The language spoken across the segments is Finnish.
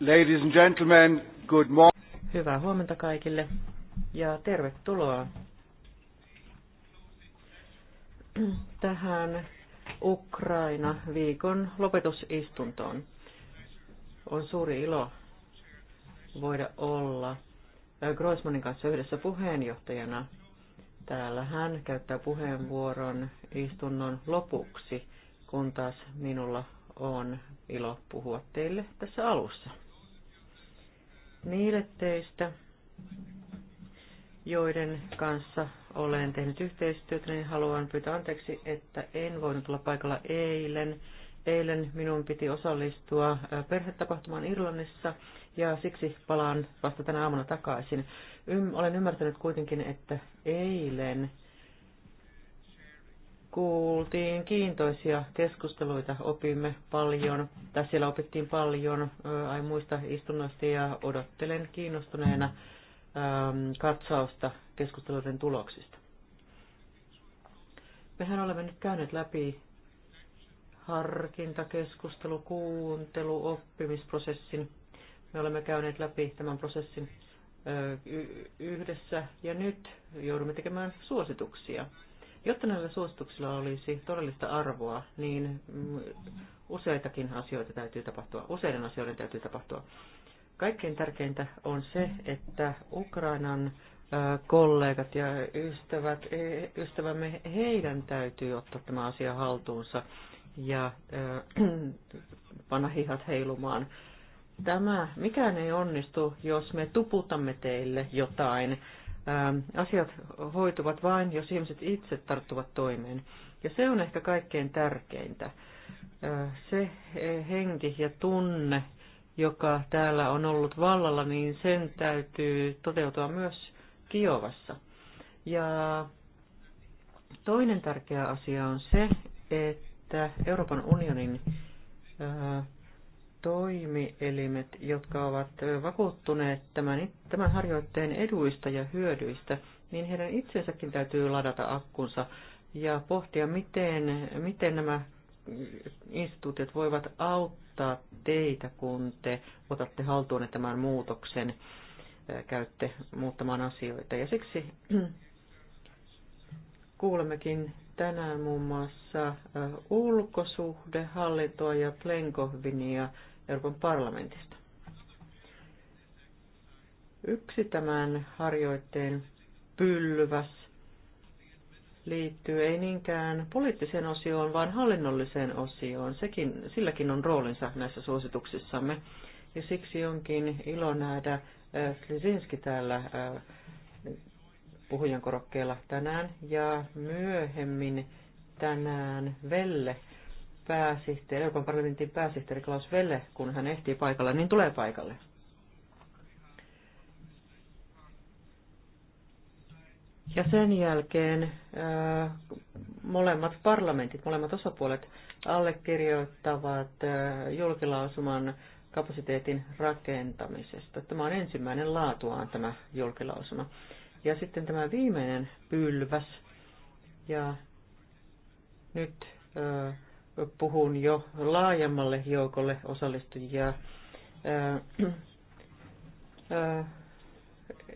Ladies and gentlemen, good morning. Hyvää huomenta kaikille ja tervetuloa tähän Ukraina-viikon lopetusistuntoon. On suuri ilo voida olla Groismanin kanssa yhdessä puheenjohtajana. Täällä hän käyttää puheenvuoron istunnon lopuksi, kun taas minulla on ilo puhua teille tässä alussa. Niille teistä, joiden kanssa olen tehnyt yhteistyötä, niin haluan pyytää anteeksi, että en voinut olla paikalla eilen. Eilen minun piti osallistua perhetapahtumaan Irlannissa ja siksi palaan vasta tänä aamuna takaisin. olen ymmärtänyt kuitenkin, että eilen kuultiin kiintoisia keskusteluita, opimme paljon, tai siellä opittiin paljon ai muista istunnoista ja odottelen kiinnostuneena katsausta keskusteluiden tuloksista. Mehän olemme nyt käyneet läpi harkinta, keskustelu, kuuntelu, oppimisprosessin. Me olemme käyneet läpi tämän prosessin yhdessä ja nyt joudumme tekemään suosituksia Jotta näillä suosituksilla olisi todellista arvoa, niin mm, useitakin asioita täytyy tapahtua, useiden asioiden täytyy tapahtua. Kaikkein tärkeintä on se, että Ukrainan kollegat ja ystävät, e, ystävämme, heidän täytyy ottaa tämä asia haltuunsa ja panna hihat heilumaan. Tämä, mikään ei onnistu, jos me tuputamme teille jotain Ähm, asiat hoituvat vain, jos ihmiset itse tarttuvat toimeen. Ja se on ehkä kaikkein tärkeintä. Äh, se henki ja tunne, joka täällä on ollut vallalla, niin sen täytyy toteutua myös Kiovassa. Ja toinen tärkeä asia on se, että Euroopan unionin äh, toimielimet, jotka ovat vakuuttuneet tämän, tämän harjoitteen eduista ja hyödyistä, niin heidän itsensäkin täytyy ladata akkunsa ja pohtia, miten, miten nämä instituutiot voivat auttaa teitä, kun te otatte haltuun tämän muutoksen, käytte muuttamaan asioita. Ja siksi kuulemmekin tänään muun muassa ulkosuhdehallintoa ja Plenkovinia Euroopan parlamentista. Yksi tämän harjoitteen pylväs liittyy ei niinkään poliittiseen osioon, vaan hallinnolliseen osioon. Sekin, silläkin on roolinsa näissä suosituksissamme. Ja siksi onkin ilo nähdä äh, Slizinski täällä äh, puhujan korokkeella tänään ja myöhemmin tänään Velle pääsihteeri, Euroopan parlamentin pääsihteeri Klaus Velle, kun hän ehtii paikalle, niin tulee paikalle. Ja sen jälkeen äh, molemmat parlamentit, molemmat osapuolet allekirjoittavat äh, julkilausuman kapasiteetin rakentamisesta. Tämä on ensimmäinen laatuaan tämä julkilausuma. Ja sitten tämä viimeinen pylväs. Ja nyt äh, puhun jo laajemmalle joukolle osallistujia.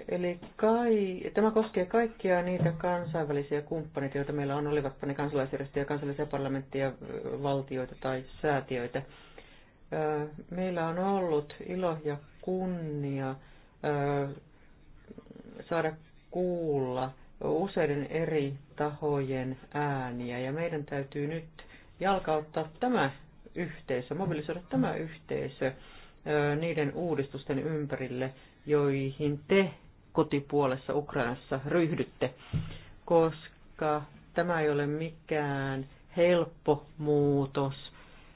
Eli kai, tämä koskee kaikkia niitä kansainvälisiä kumppaneita, joita meillä on, olivatpa ne kansalaisjärjestöjä, kansallisia parlamentteja, valtioita tai säätiöitä. Meillä on ollut ilo ja kunnia saada kuulla useiden eri tahojen ääniä ja meidän täytyy nyt jalkauttaa tämä yhteisö, mobilisoida tämä yhteisö niiden uudistusten ympärille, joihin te kotipuolessa Ukrainassa ryhdytte, koska tämä ei ole mikään helppo muutos,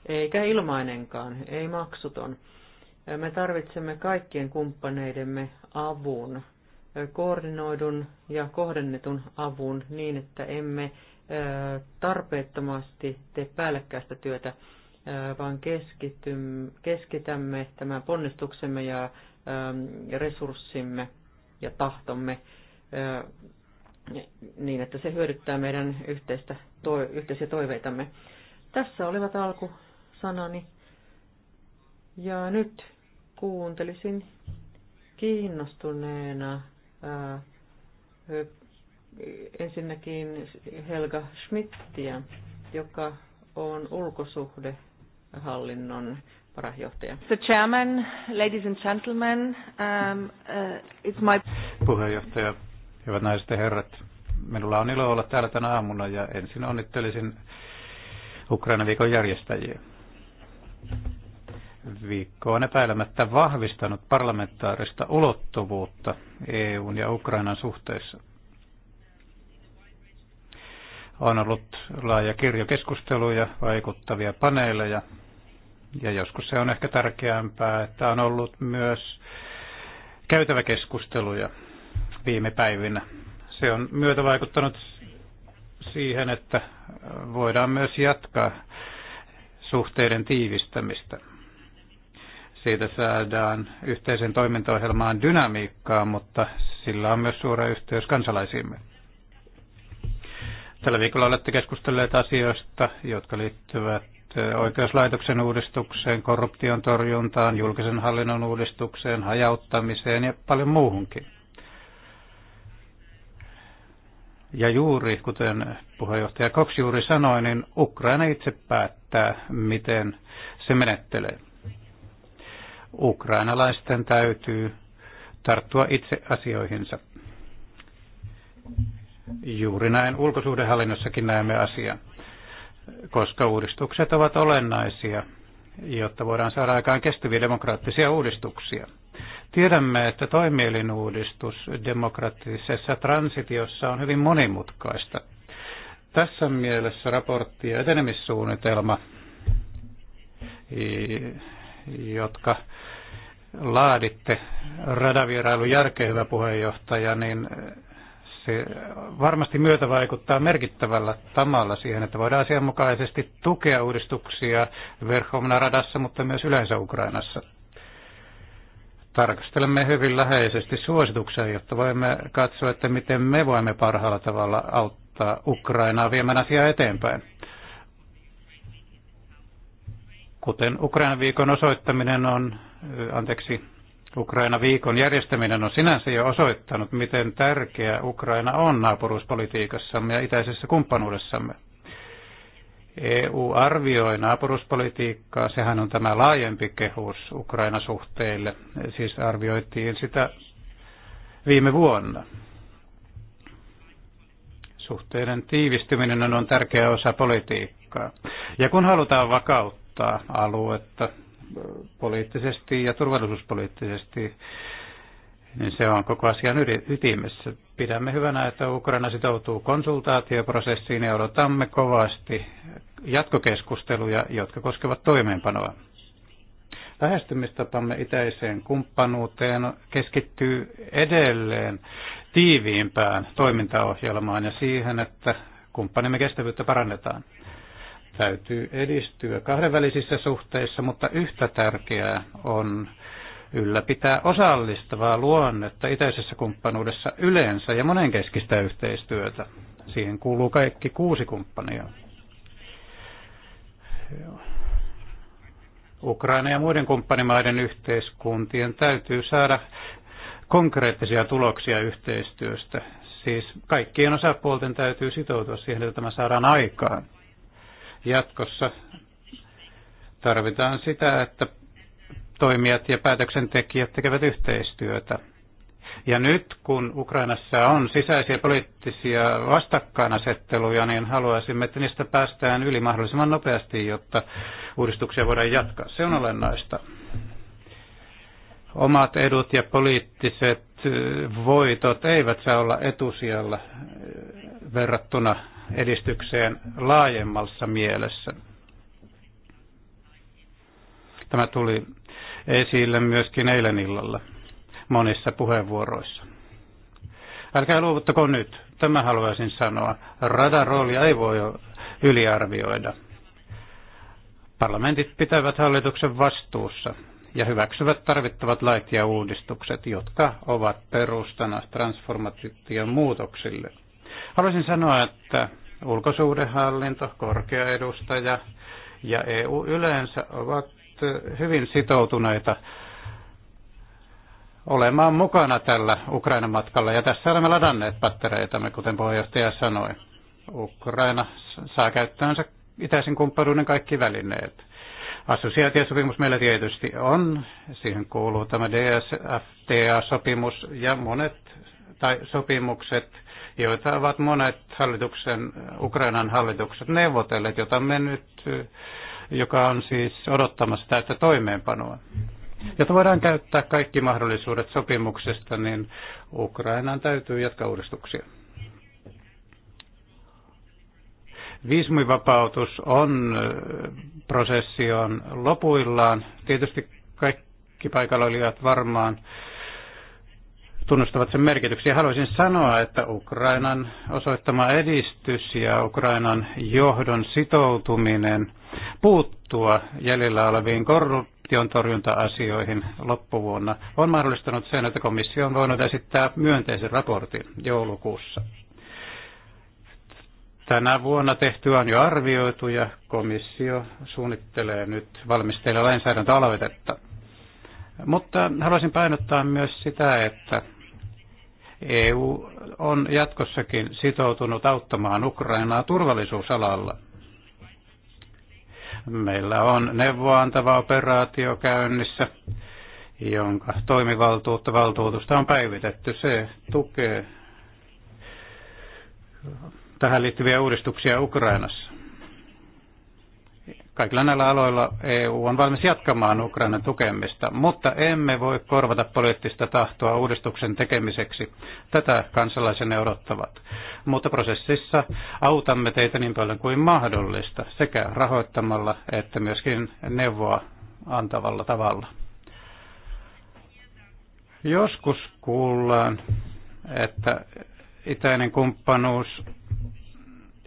eikä ilmainenkaan, ei maksuton. Me tarvitsemme kaikkien kumppaneidemme avun, koordinoidun ja kohdennetun avun niin, että emme tarpeettomasti tee päällekkäistä työtä, vaan keskitämme tämän ponnistuksemme ja resurssimme ja tahtomme niin, että se hyödyttää meidän yhteistä, to, yhteisiä toiveitamme. Tässä olivat alkusanani. Ja nyt kuuntelisin kiinnostuneena ää, ensinnäkin Helga Schmidtiä, joka on ulkosuhdehallinnon varajohtaja. The chairman, ladies and gentlemen, um, uh, it's my... Puheenjohtaja, hyvät naiset ja herrat, minulla on ilo olla täällä tänä aamuna ja ensin onnittelisin Ukraina viikon järjestäjiä. Viikko on epäilemättä vahvistanut parlamentaarista ulottuvuutta EUn ja Ukrainan suhteissa – on ollut laaja kirjo keskusteluja, vaikuttavia paneeleja ja joskus se on ehkä tärkeämpää, että on ollut myös käytäväkeskusteluja viime päivinä. Se on myötä vaikuttanut siihen, että voidaan myös jatkaa suhteiden tiivistämistä. Siitä saadaan yhteisen toimintaohjelmaan dynamiikkaa, mutta sillä on myös suora yhteys kansalaisiimme. Tällä viikolla olette keskustelleet asioista, jotka liittyvät eh, oikeuslaitoksen uudistukseen, korruption torjuntaan, julkisen hallinnon uudistukseen, hajauttamiseen ja paljon muuhunkin. Ja juuri, kuten puheenjohtaja Cox juuri sanoi, niin Ukraina itse päättää, miten se menettelee. Ukrainalaisten täytyy tarttua itse asioihinsa Juuri näin ulkosuhdehallinnossakin näemme asian, koska uudistukset ovat olennaisia, jotta voidaan saada aikaan kestäviä demokraattisia uudistuksia. Tiedämme, että toimielinuudistus demokraattisessa transitiossa on hyvin monimutkaista. Tässä mielessä raportti ja etenemissuunnitelma, jotka laaditte radavierailun järkeen, hyvä puheenjohtaja, niin se varmasti myötä vaikuttaa merkittävällä tavalla siihen, että voidaan asianmukaisesti tukea uudistuksia Verhovna radassa, mutta myös yleensä Ukrainassa. Tarkastelemme hyvin läheisesti suosituksia, jotta voimme katsoa, että miten me voimme parhaalla tavalla auttaa Ukrainaa viemään asiaa eteenpäin. Kuten Ukrainan viikon osoittaminen on, anteeksi, Ukraina viikon järjestäminen on sinänsä jo osoittanut, miten tärkeä Ukraina on naapuruuspolitiikassamme ja itäisessä kumppanuudessamme. EU arvioi naapuruspolitiikkaa, sehän on tämä laajempi kehus Ukraina-suhteille, siis arvioitiin sitä viime vuonna. Suhteiden tiivistyminen on tärkeä osa politiikkaa. Ja kun halutaan vakauttaa aluetta, poliittisesti ja turvallisuuspoliittisesti, niin se on koko asian ytimessä. Pidämme hyvänä, että Ukraina sitoutuu konsultaatioprosessiin ja odotamme kovasti jatkokeskusteluja, jotka koskevat toimeenpanoa. Lähestymistapamme itäiseen kumppanuuteen keskittyy edelleen tiiviimpään toimintaohjelmaan ja siihen, että kumppanimme kestävyyttä parannetaan täytyy edistyä kahdenvälisissä suhteissa, mutta yhtä tärkeää on ylläpitää osallistavaa luonnetta itäisessä kumppanuudessa yleensä ja monenkeskistä yhteistyötä. Siihen kuuluu kaikki kuusi kumppania. Ukraina ja muiden kumppanimaiden yhteiskuntien täytyy saada konkreettisia tuloksia yhteistyöstä. Siis kaikkien osapuolten täytyy sitoutua siihen, että tämä saadaan aikaan jatkossa tarvitaan sitä, että toimijat ja päätöksentekijät tekevät yhteistyötä. Ja nyt kun Ukrainassa on sisäisiä poliittisia vastakkainasetteluja, niin haluaisimme, että niistä päästään yli mahdollisimman nopeasti, jotta uudistuksia voidaan jatkaa. Se on olennaista. Omat edut ja poliittiset voitot eivät saa olla etusijalla verrattuna edistykseen laajemmassa mielessä. Tämä tuli esille myöskin eilen illalla monissa puheenvuoroissa. Älkää luovuttako nyt, tämä haluaisin sanoa. Radan roolia ei voi yliarvioida. Parlamentit pitävät hallituksen vastuussa ja hyväksyvät tarvittavat lait ja uudistukset, jotka ovat perustana transformaation muutoksille – Haluaisin sanoa, että ulkosuhdehallinto, korkea edustaja ja EU yleensä ovat hyvin sitoutuneita olemaan mukana tällä Ukrainan matkalla. Ja tässä olemme ladanneet pattereitamme, kuten puheenjohtaja sanoi. Ukraina saa käyttöönsä itäisen kumppanuuden kaikki välineet. Assosiaatiosopimus meillä tietysti on. Siihen kuuluu tämä DSFTA-sopimus ja monet tai sopimukset – joita ovat monet hallituksen, Ukrainan hallitukset neuvotelleet, jota me nyt, joka on siis odottamassa täyttä toimeenpanoa. Jotta voidaan käyttää kaikki mahdollisuudet sopimuksesta, niin Ukrainaan täytyy jatkaa uudistuksia. Viisumivapautus on on lopuillaan. Tietysti kaikki paikalla olivat varmaan tunnustavat sen merkityksen. Haluaisin sanoa, että Ukrainan osoittama edistys ja Ukrainan johdon sitoutuminen puuttua jäljellä oleviin korruption torjunta-asioihin loppuvuonna on mahdollistanut sen, että komissio on voinut esittää myönteisen raportin joulukuussa. Tänä vuonna tehtyä on jo arvioitu ja komissio suunnittelee nyt valmisteilla lainsäädäntöaloitetta. Mutta haluaisin painottaa myös sitä, että EU on jatkossakin sitoutunut auttamaan Ukrainaa turvallisuusalalla. Meillä on neuvoantava operaatio käynnissä, jonka toimivaltuutta valtuutusta on päivitetty. Se tukee tähän liittyviä uudistuksia Ukrainassa. Kaikilla näillä aloilla EU on valmis jatkamaan Ukrainan tukemista, mutta emme voi korvata poliittista tahtoa uudistuksen tekemiseksi. Tätä kansalaisen odottavat. Mutta prosessissa autamme teitä niin paljon kuin mahdollista, sekä rahoittamalla että myöskin neuvoa antavalla tavalla. Joskus kuullaan, että itäinen kumppanuus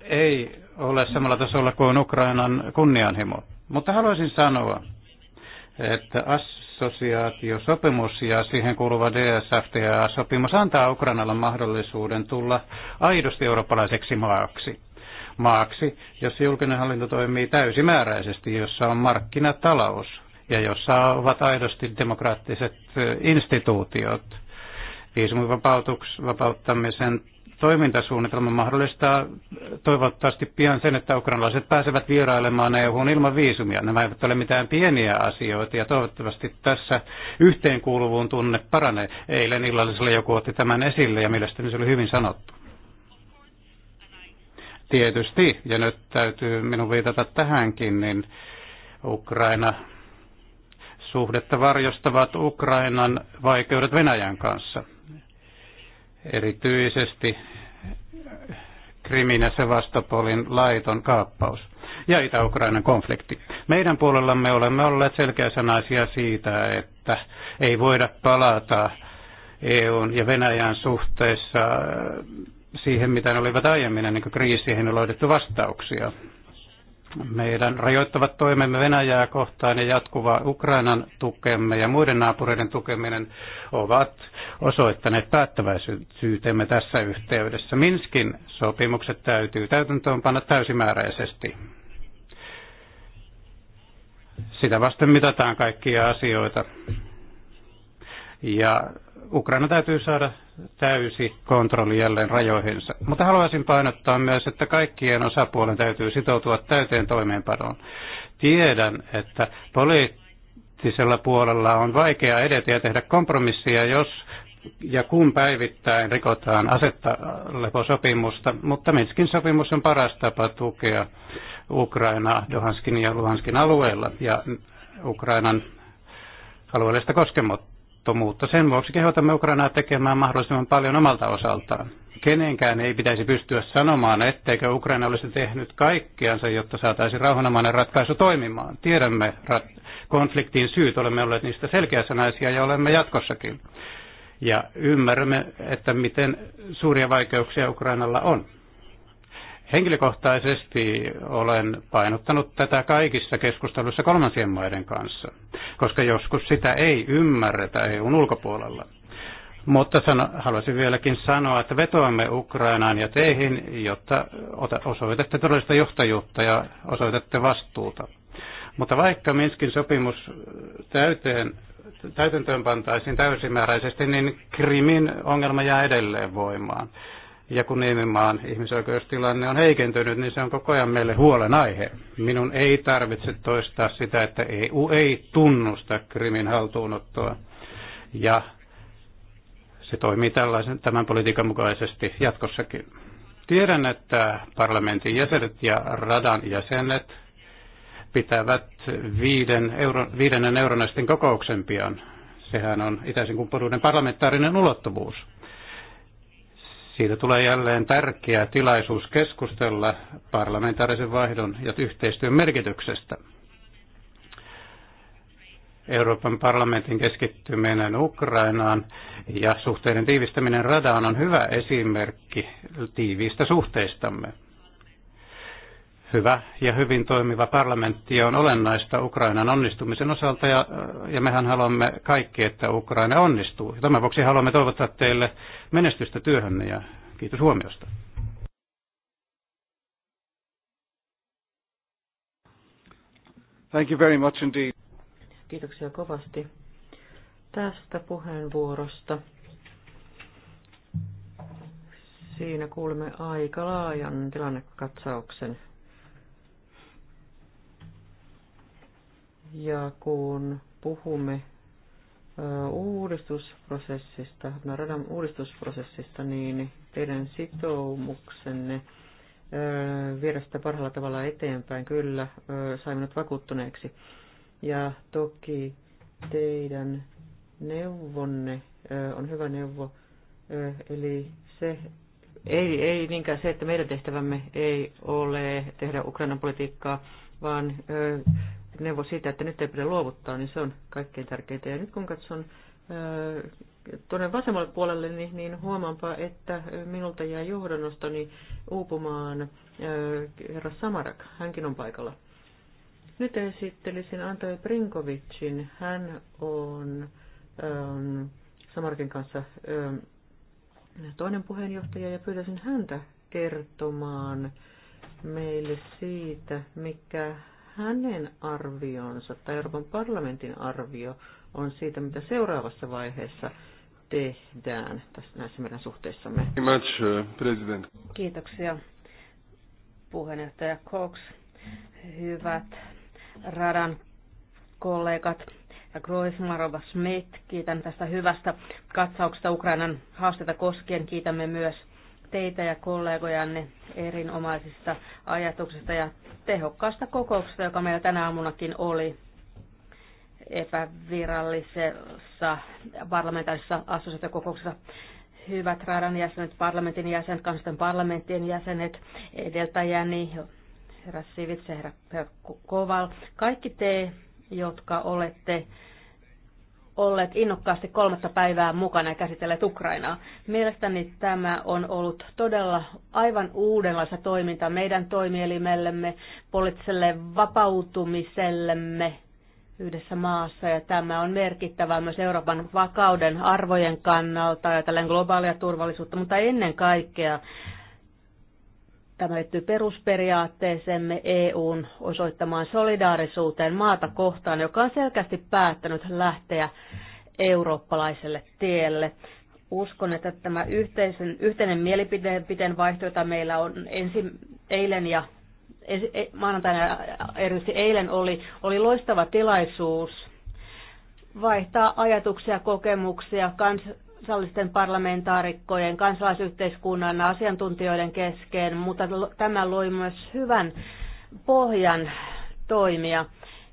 ei ole samalla tasolla kuin Ukrainan kunnianhimo. Mutta haluaisin sanoa, että assosiaatiosopimus ja siihen kuuluva DSFTA-sopimus antaa Ukrainalle mahdollisuuden tulla aidosti eurooppalaiseksi maaksi. Maaksi, jossa julkinen hallinto toimii täysimääräisesti, jossa on markkinatalous ja jossa ovat aidosti demokraattiset eh, instituutiot. Viisumin vapauttamisen toimintasuunnitelma mahdollistaa toivottavasti pian sen, että ukrainalaiset pääsevät vierailemaan EU:hun ilman viisumia. Nämä eivät ole mitään pieniä asioita ja toivottavasti tässä yhteenkuuluvuun tunne paranee. Eilen illallisella joku otti tämän esille ja mielestäni se oli hyvin sanottu. Tietysti, ja nyt täytyy minun viitata tähänkin, niin Ukraina suhdetta varjostavat Ukrainan vaikeudet Venäjän kanssa – erityisesti Krimin ja Sevastopolin laiton kaappaus ja Itä-Ukrainan konflikti. Meidän puolellamme olemme olleet selkeäsanaisia siitä, että ei voida palata EUn ja Venäjän suhteessa siihen, mitä ne olivat aiemmin, niin kuin kriisiin on löydetty vastauksia meidän rajoittavat toimemme Venäjää kohtaan ja jatkuva Ukrainan tukemme ja muiden naapureiden tukeminen ovat osoittaneet päättäväisyytemme tässä yhteydessä. Minskin sopimukset täytyy täytäntöönpanna täysimääräisesti. Sitä vasten mitataan kaikkia asioita. Ja Ukraina täytyy saada täysi kontrolli jälleen rajoihinsa. Mutta haluaisin painottaa myös, että kaikkien osapuolen täytyy sitoutua täyteen toimeenpanoon. Tiedän, että poliittisella puolella on vaikea edetä ja tehdä kompromissia, jos ja kun päivittäin rikotaan asetta leposopimusta, mutta Minskin sopimus on paras tapa tukea Ukrainaa Dohanskin ja Luhanskin alueella ja Ukrainan alueellista koskemotta turvattomuutta. Sen vuoksi kehotamme Ukrainaa tekemään mahdollisimman paljon omalta osaltaan. Kenenkään ei pitäisi pystyä sanomaan, etteikö Ukraina olisi tehnyt kaikkiansa, jotta saataisiin rauhanomainen ratkaisu toimimaan. Tiedämme rat- konfliktin syyt, olemme olleet niistä selkeäsanaisia ja olemme jatkossakin. Ja ymmärrämme, että miten suuria vaikeuksia Ukrainalla on. Henkilökohtaisesti olen painottanut tätä kaikissa keskusteluissa kolmansien maiden kanssa, koska joskus sitä ei ymmärretä EUn ulkopuolella. Mutta sano, haluaisin vieläkin sanoa, että vetoamme Ukrainaan ja teihin, jotta osoitatte todellista johtajuutta ja osoitatte vastuuta. Mutta vaikka Minskin sopimus täyteen, täytäntöön pantaisiin täysimääräisesti, niin Krimin ongelma jää edelleen voimaan ja kun Niemimaan ihmisoikeustilanne on heikentynyt, niin se on koko ajan meille huolenaihe. Minun ei tarvitse toistaa sitä, että EU ei tunnusta Krimin haltuunottoa. Ja se toimii tällaisen, tämän politiikan mukaisesti jatkossakin. Tiedän, että parlamentin jäsenet ja radan jäsenet pitävät viiden euro, viidennen euronaisten kokouksen pian. Sehän on itäisen kumppanuuden parlamentaarinen ulottuvuus siitä tulee jälleen tärkeä tilaisuus keskustella parlamentaarisen vaihdon ja yhteistyön merkityksestä. Euroopan parlamentin keskittyminen Ukrainaan ja suhteiden tiivistäminen radaan on hyvä esimerkki tiiviistä suhteistamme. Hyvä ja hyvin toimiva parlamentti on olennaista Ukrainan onnistumisen osalta ja, ja mehän haluamme kaikki, että Ukraina onnistuu. Ja tämän vuoksi haluamme toivottaa teille menestystä työhönne ja kiitos huomiosta. Thank you very much indeed. Kiitoksia kovasti tästä puheenvuorosta. Siinä kuulemme aika laajan tilannekatsauksen Ja kun puhumme uudistusprosessista, radan uudistusprosessista, niin teidän sitoumuksenne viedä sitä parhaalla tavalla eteenpäin, kyllä, sai minut vakuuttuneeksi. Ja toki teidän neuvonne on hyvä neuvo, eli se, ei, ei niinkään se, että meidän tehtävämme ei ole tehdä Ukrainan politiikkaa, vaan neuvo siitä, että nyt ei pidä luovuttaa, niin se on kaikkein tärkeintä. Ja nyt kun katson äh, tuonne vasemmalle puolelle, niin, niin huomaanpa, että minulta jää johdonnostoni uupumaan äh, herra Samarak. Hänkin on paikalla. Nyt esittelisin Antoi Prinkovicin. Hän on äm, Samarkin kanssa äm, toinen puheenjohtaja ja pyytäisin häntä kertomaan meille siitä, mikä hänen arvionsa tai Euroopan parlamentin arvio on siitä, mitä seuraavassa vaiheessa tehdään tässä näissä meidän suhteissamme. Much, uh, president. Kiitoksia puheenjohtaja Cox. Hyvät radan kollegat ja Groismarova Smith, kiitän tästä hyvästä katsauksesta Ukrainan haasteita koskien. Kiitämme myös teitä ja kollegojanne erinomaisista ajatuksista ja tehokkaasta kokouksesta, joka meillä tänä aamunakin oli epävirallisessa parlamentaarisessa assosiaatiokokouksessa. Hyvät radan jäsenet, parlamentin jäsenet, kansallisten parlamenttien jäsenet, edeltäjäni, herra Sivitse, herra Koval, kaikki te, jotka olette olleet innokkaasti kolmatta päivää mukana ja käsitelleet Ukrainaa. Mielestäni tämä on ollut todella aivan uudenlaista toimintaa meidän toimielimellemme, poliittiselle vapautumisellemme yhdessä maassa ja tämä on merkittävää myös Euroopan vakauden arvojen kannalta ja globaalia turvallisuutta, mutta ennen kaikkea Tämä liittyy perusperiaatteeseemme EUn osoittamaan solidaarisuuteen maata kohtaan, joka on selkeästi päättänyt lähteä eurooppalaiselle tielle. Uskon, että tämä yhteisen, yhteinen mielipiteen vaihto, jota meillä on ensi, eilen ja ensi, e, maanantaina erityisesti eilen oli, oli loistava tilaisuus vaihtaa ajatuksia, kokemuksia kans, kansallisten parlamentaarikkojen, kansalaisyhteiskunnan, asiantuntijoiden kesken, mutta tämä loi myös hyvän pohjan toimia.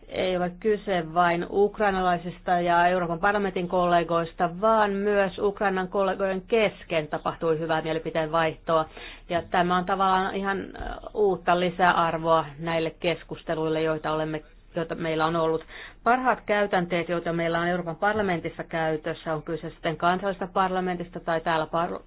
Ei ole kyse vain ukrainalaisista ja Euroopan parlamentin kollegoista, vaan myös Ukrainan kollegojen kesken tapahtui hyvää mielipiteen vaihtoa. Ja tämä on tavallaan ihan uutta lisäarvoa näille keskusteluille, joita olemme joita meillä on ollut. Parhaat käytänteet, joita meillä on Euroopan parlamentissa käytössä, on kyse sitten kansallisesta parlamentista tai täällä par-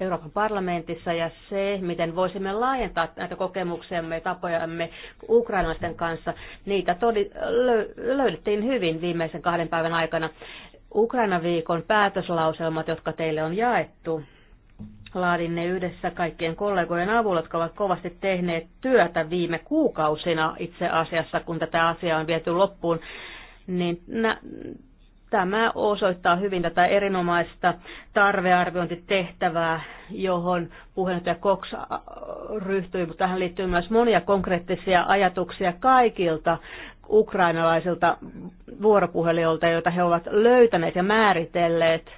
Euroopan parlamentissa ja se, miten voisimme laajentaa näitä kokemuksiamme ja tapojamme ukrainaisten kanssa, niitä todi- lö- löydettiin hyvin viimeisen kahden päivän aikana. Ukraina-viikon päätöslauselmat, jotka teille on jaettu, Laadin ne yhdessä kaikkien kollegojen avulla, jotka ovat kovasti tehneet työtä viime kuukausina itse asiassa, kun tätä asiaa on viety loppuun. Niin nä- tämä osoittaa hyvin tätä erinomaista tarvearviointitehtävää, johon puheenjohtaja Cox äh, ryhtyi, mutta tähän liittyy myös monia konkreettisia ajatuksia kaikilta ukrainalaisilta vuoropuhelijoilta, joita he ovat löytäneet ja määritelleet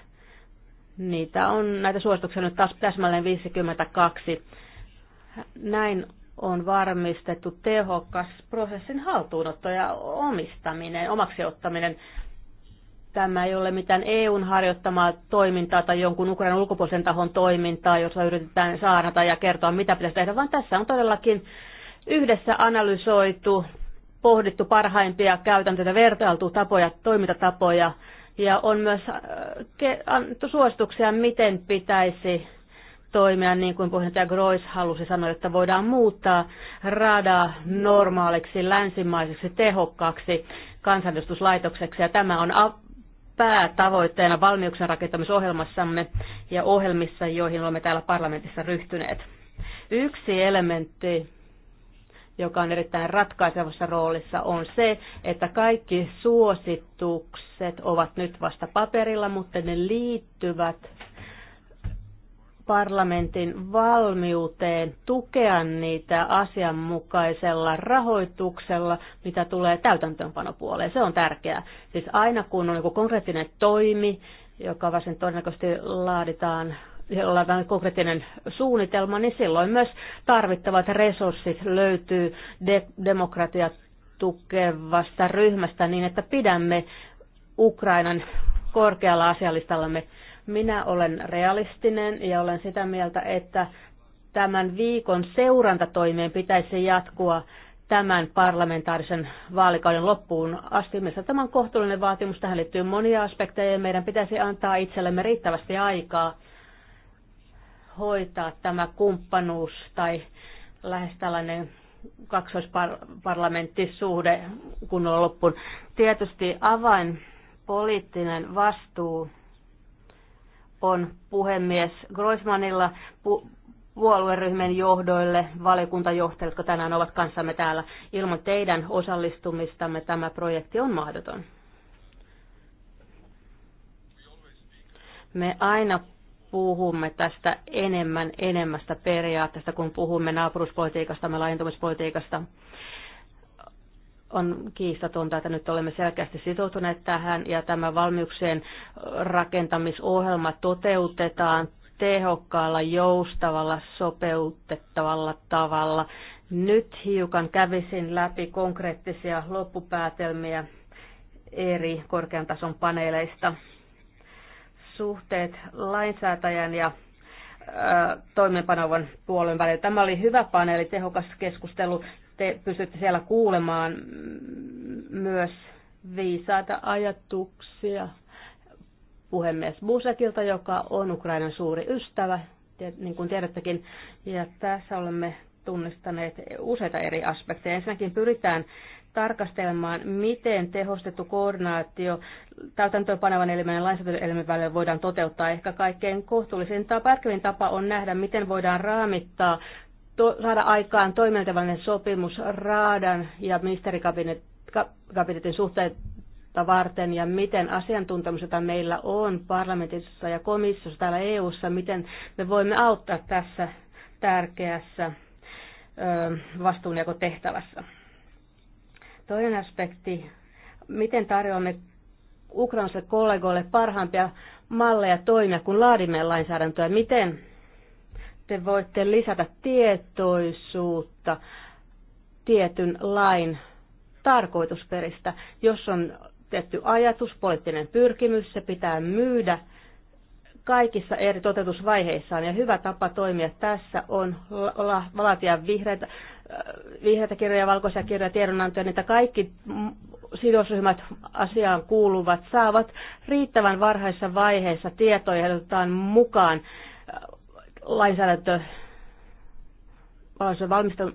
Niitä on näitä suosituksia nyt taas täsmälleen 52. Näin on varmistettu tehokas prosessin haltuunotto ja omistaminen, omaksi ottaminen. Tämä ei ole mitään EUn harjoittamaa toimintaa tai jonkun Ukrainan ulkopuolisen tahon toimintaa, jossa yritetään saarnata ja kertoa, mitä pitäisi tehdä, vaan tässä on todellakin yhdessä analysoitu, pohdittu parhaimpia käytäntöitä, vertailtu tapoja, toimintatapoja, ja on myös äh, annettu suosituksia, miten pitäisi toimia, niin kuin puheenjohtaja Grois halusi sanoa, että voidaan muuttaa rada normaaliksi, länsimaiseksi, tehokkaaksi kansanedustuslaitokseksi. Ja tämä on päätavoitteena valmiuksen rakentamisohjelmassamme ja ohjelmissa, joihin olemme täällä parlamentissa ryhtyneet. Yksi elementti joka on erittäin ratkaisevassa roolissa, on se, että kaikki suositukset ovat nyt vasta paperilla, mutta ne liittyvät parlamentin valmiuteen tukea niitä asianmukaisella rahoituksella, mitä tulee täytäntöönpanopuoleen. Se on tärkeää. Siis aina kun on joku konkreettinen toimi, joka varsin todennäköisesti laaditaan jolla on konkreettinen suunnitelma, niin silloin myös tarvittavat resurssit löytyy de- demokratia tukevasta ryhmästä niin, että pidämme Ukrainan korkealla asialistallamme. Minä olen realistinen ja olen sitä mieltä, että tämän viikon seurantatoimeen pitäisi jatkua tämän parlamentaarisen vaalikauden loppuun asti. Mielestäni tämä on kohtuullinen vaatimus. Tähän liittyy monia aspekteja ja meidän pitäisi antaa itsellemme riittävästi aikaa hoitaa tämä kumppanuus tai lähes tällainen kaksoisparlamenttisuhde kunnolla loppuun. Tietysti avain poliittinen vastuu on puhemies Groismanilla, pu- puolueryhmän johdoille, valiokuntajohtajille, jotka tänään ovat kanssamme täällä. Ilman teidän osallistumistamme tämä projekti on mahdoton. Me aina puhumme tästä enemmän enemmästä periaatteesta, kun puhumme naapuruspolitiikasta, ja laajentumispolitiikasta. On kiistatonta, että nyt olemme selkeästi sitoutuneet tähän ja tämä valmiuksien rakentamisohjelma toteutetaan tehokkaalla, joustavalla, sopeutettavalla tavalla. Nyt hiukan kävisin läpi konkreettisia loppupäätelmiä eri korkean tason paneeleista suhteet lainsäätäjän ja toimeenpanovan puolen välillä. Tämä oli hyvä paneeli, tehokas keskustelu. Te pystytte siellä kuulemaan myös viisaita ajatuksia puhemies Busekilta, joka on Ukrainan suuri ystävä, niin kuin tiedättekin. Ja tässä olemme tunnistaneet useita eri aspekteja. Ensinnäkin pyritään tarkastelemaan, miten tehostettu koordinaatio täytäntöönpanevan elimen ja lainsäädäntöelimen välillä voidaan toteuttaa. Ehkä kaikkein kohtuullisin tai pärkevin tapa on nähdä, miten voidaan raamittaa to, saada aikaan toimintavallinen sopimus Raadan ja ministerikabinetin suhteet varten ja miten asiantuntemus, jota meillä on parlamentissa ja komissiossa täällä EU:ssa, miten me voimme auttaa tässä tärkeässä vastuunjakotehtävässä. Toinen aspekti, miten tarjoamme ukrainalaisille kollegoille parhaimpia malleja toimia, kun laadimme lainsäädäntöä? Miten te voitte lisätä tietoisuutta tietyn lain tarkoitusperistä? Jos on tietty ajatus, poliittinen pyrkimys, se pitää myydä – kaikissa eri toteutusvaiheissaan. Ja hyvä tapa toimia tässä on laatia vihreitä, äh, vihreitä kirjoja, valkoisia kirjoja, tiedonantoja, niitä kaikki sidosryhmät asiaan kuuluvat saavat riittävän varhaisessa vaiheessa tietoja, otetaan mukaan äh, lainsäädäntö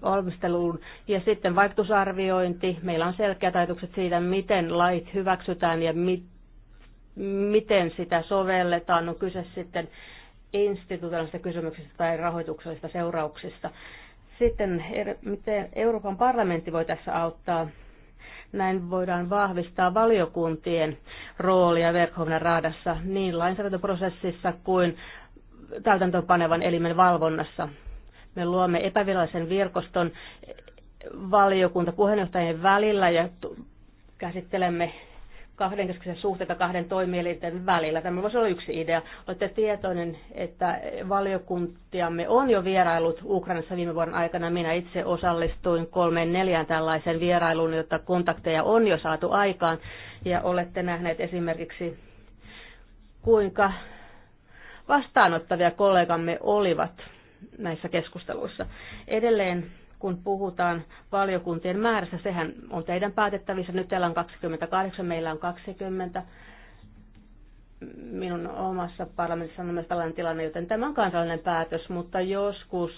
valmisteluun ja sitten vaikutusarviointi. Meillä on selkeät ajatukset siitä, miten lait hyväksytään ja mit, miten sitä sovelletaan, on no, kyse sitten instituutioista kysymyksistä tai rahoituksellisista seurauksista. Sitten er, miten Euroopan parlamentti voi tässä auttaa. Näin voidaan vahvistaa valiokuntien roolia Verkhovnan raadassa niin lainsäädäntöprosessissa kuin täytäntöönpanevan elimen valvonnassa. Me luomme epävirallisen virkoston puheenjohtajien välillä ja käsittelemme kahdenkeskisiä suhteita kahden toimielinten välillä. Tämä voisi olla yksi idea. Olette tietoinen, että valiokuntiamme on jo vierailut Ukrainassa viime vuoden aikana. Minä itse osallistuin kolmeen neljään tällaisen vierailuun, jotta kontakteja on jo saatu aikaan. Ja olette nähneet esimerkiksi, kuinka vastaanottavia kollegamme olivat näissä keskusteluissa. Edelleen kun puhutaan valiokuntien määrässä, sehän on teidän päätettävissä. Nyt teillä on 28, meillä on 20. Minun omassa parlamentissa on myös tällainen tilanne, joten tämä on kansallinen päätös, mutta joskus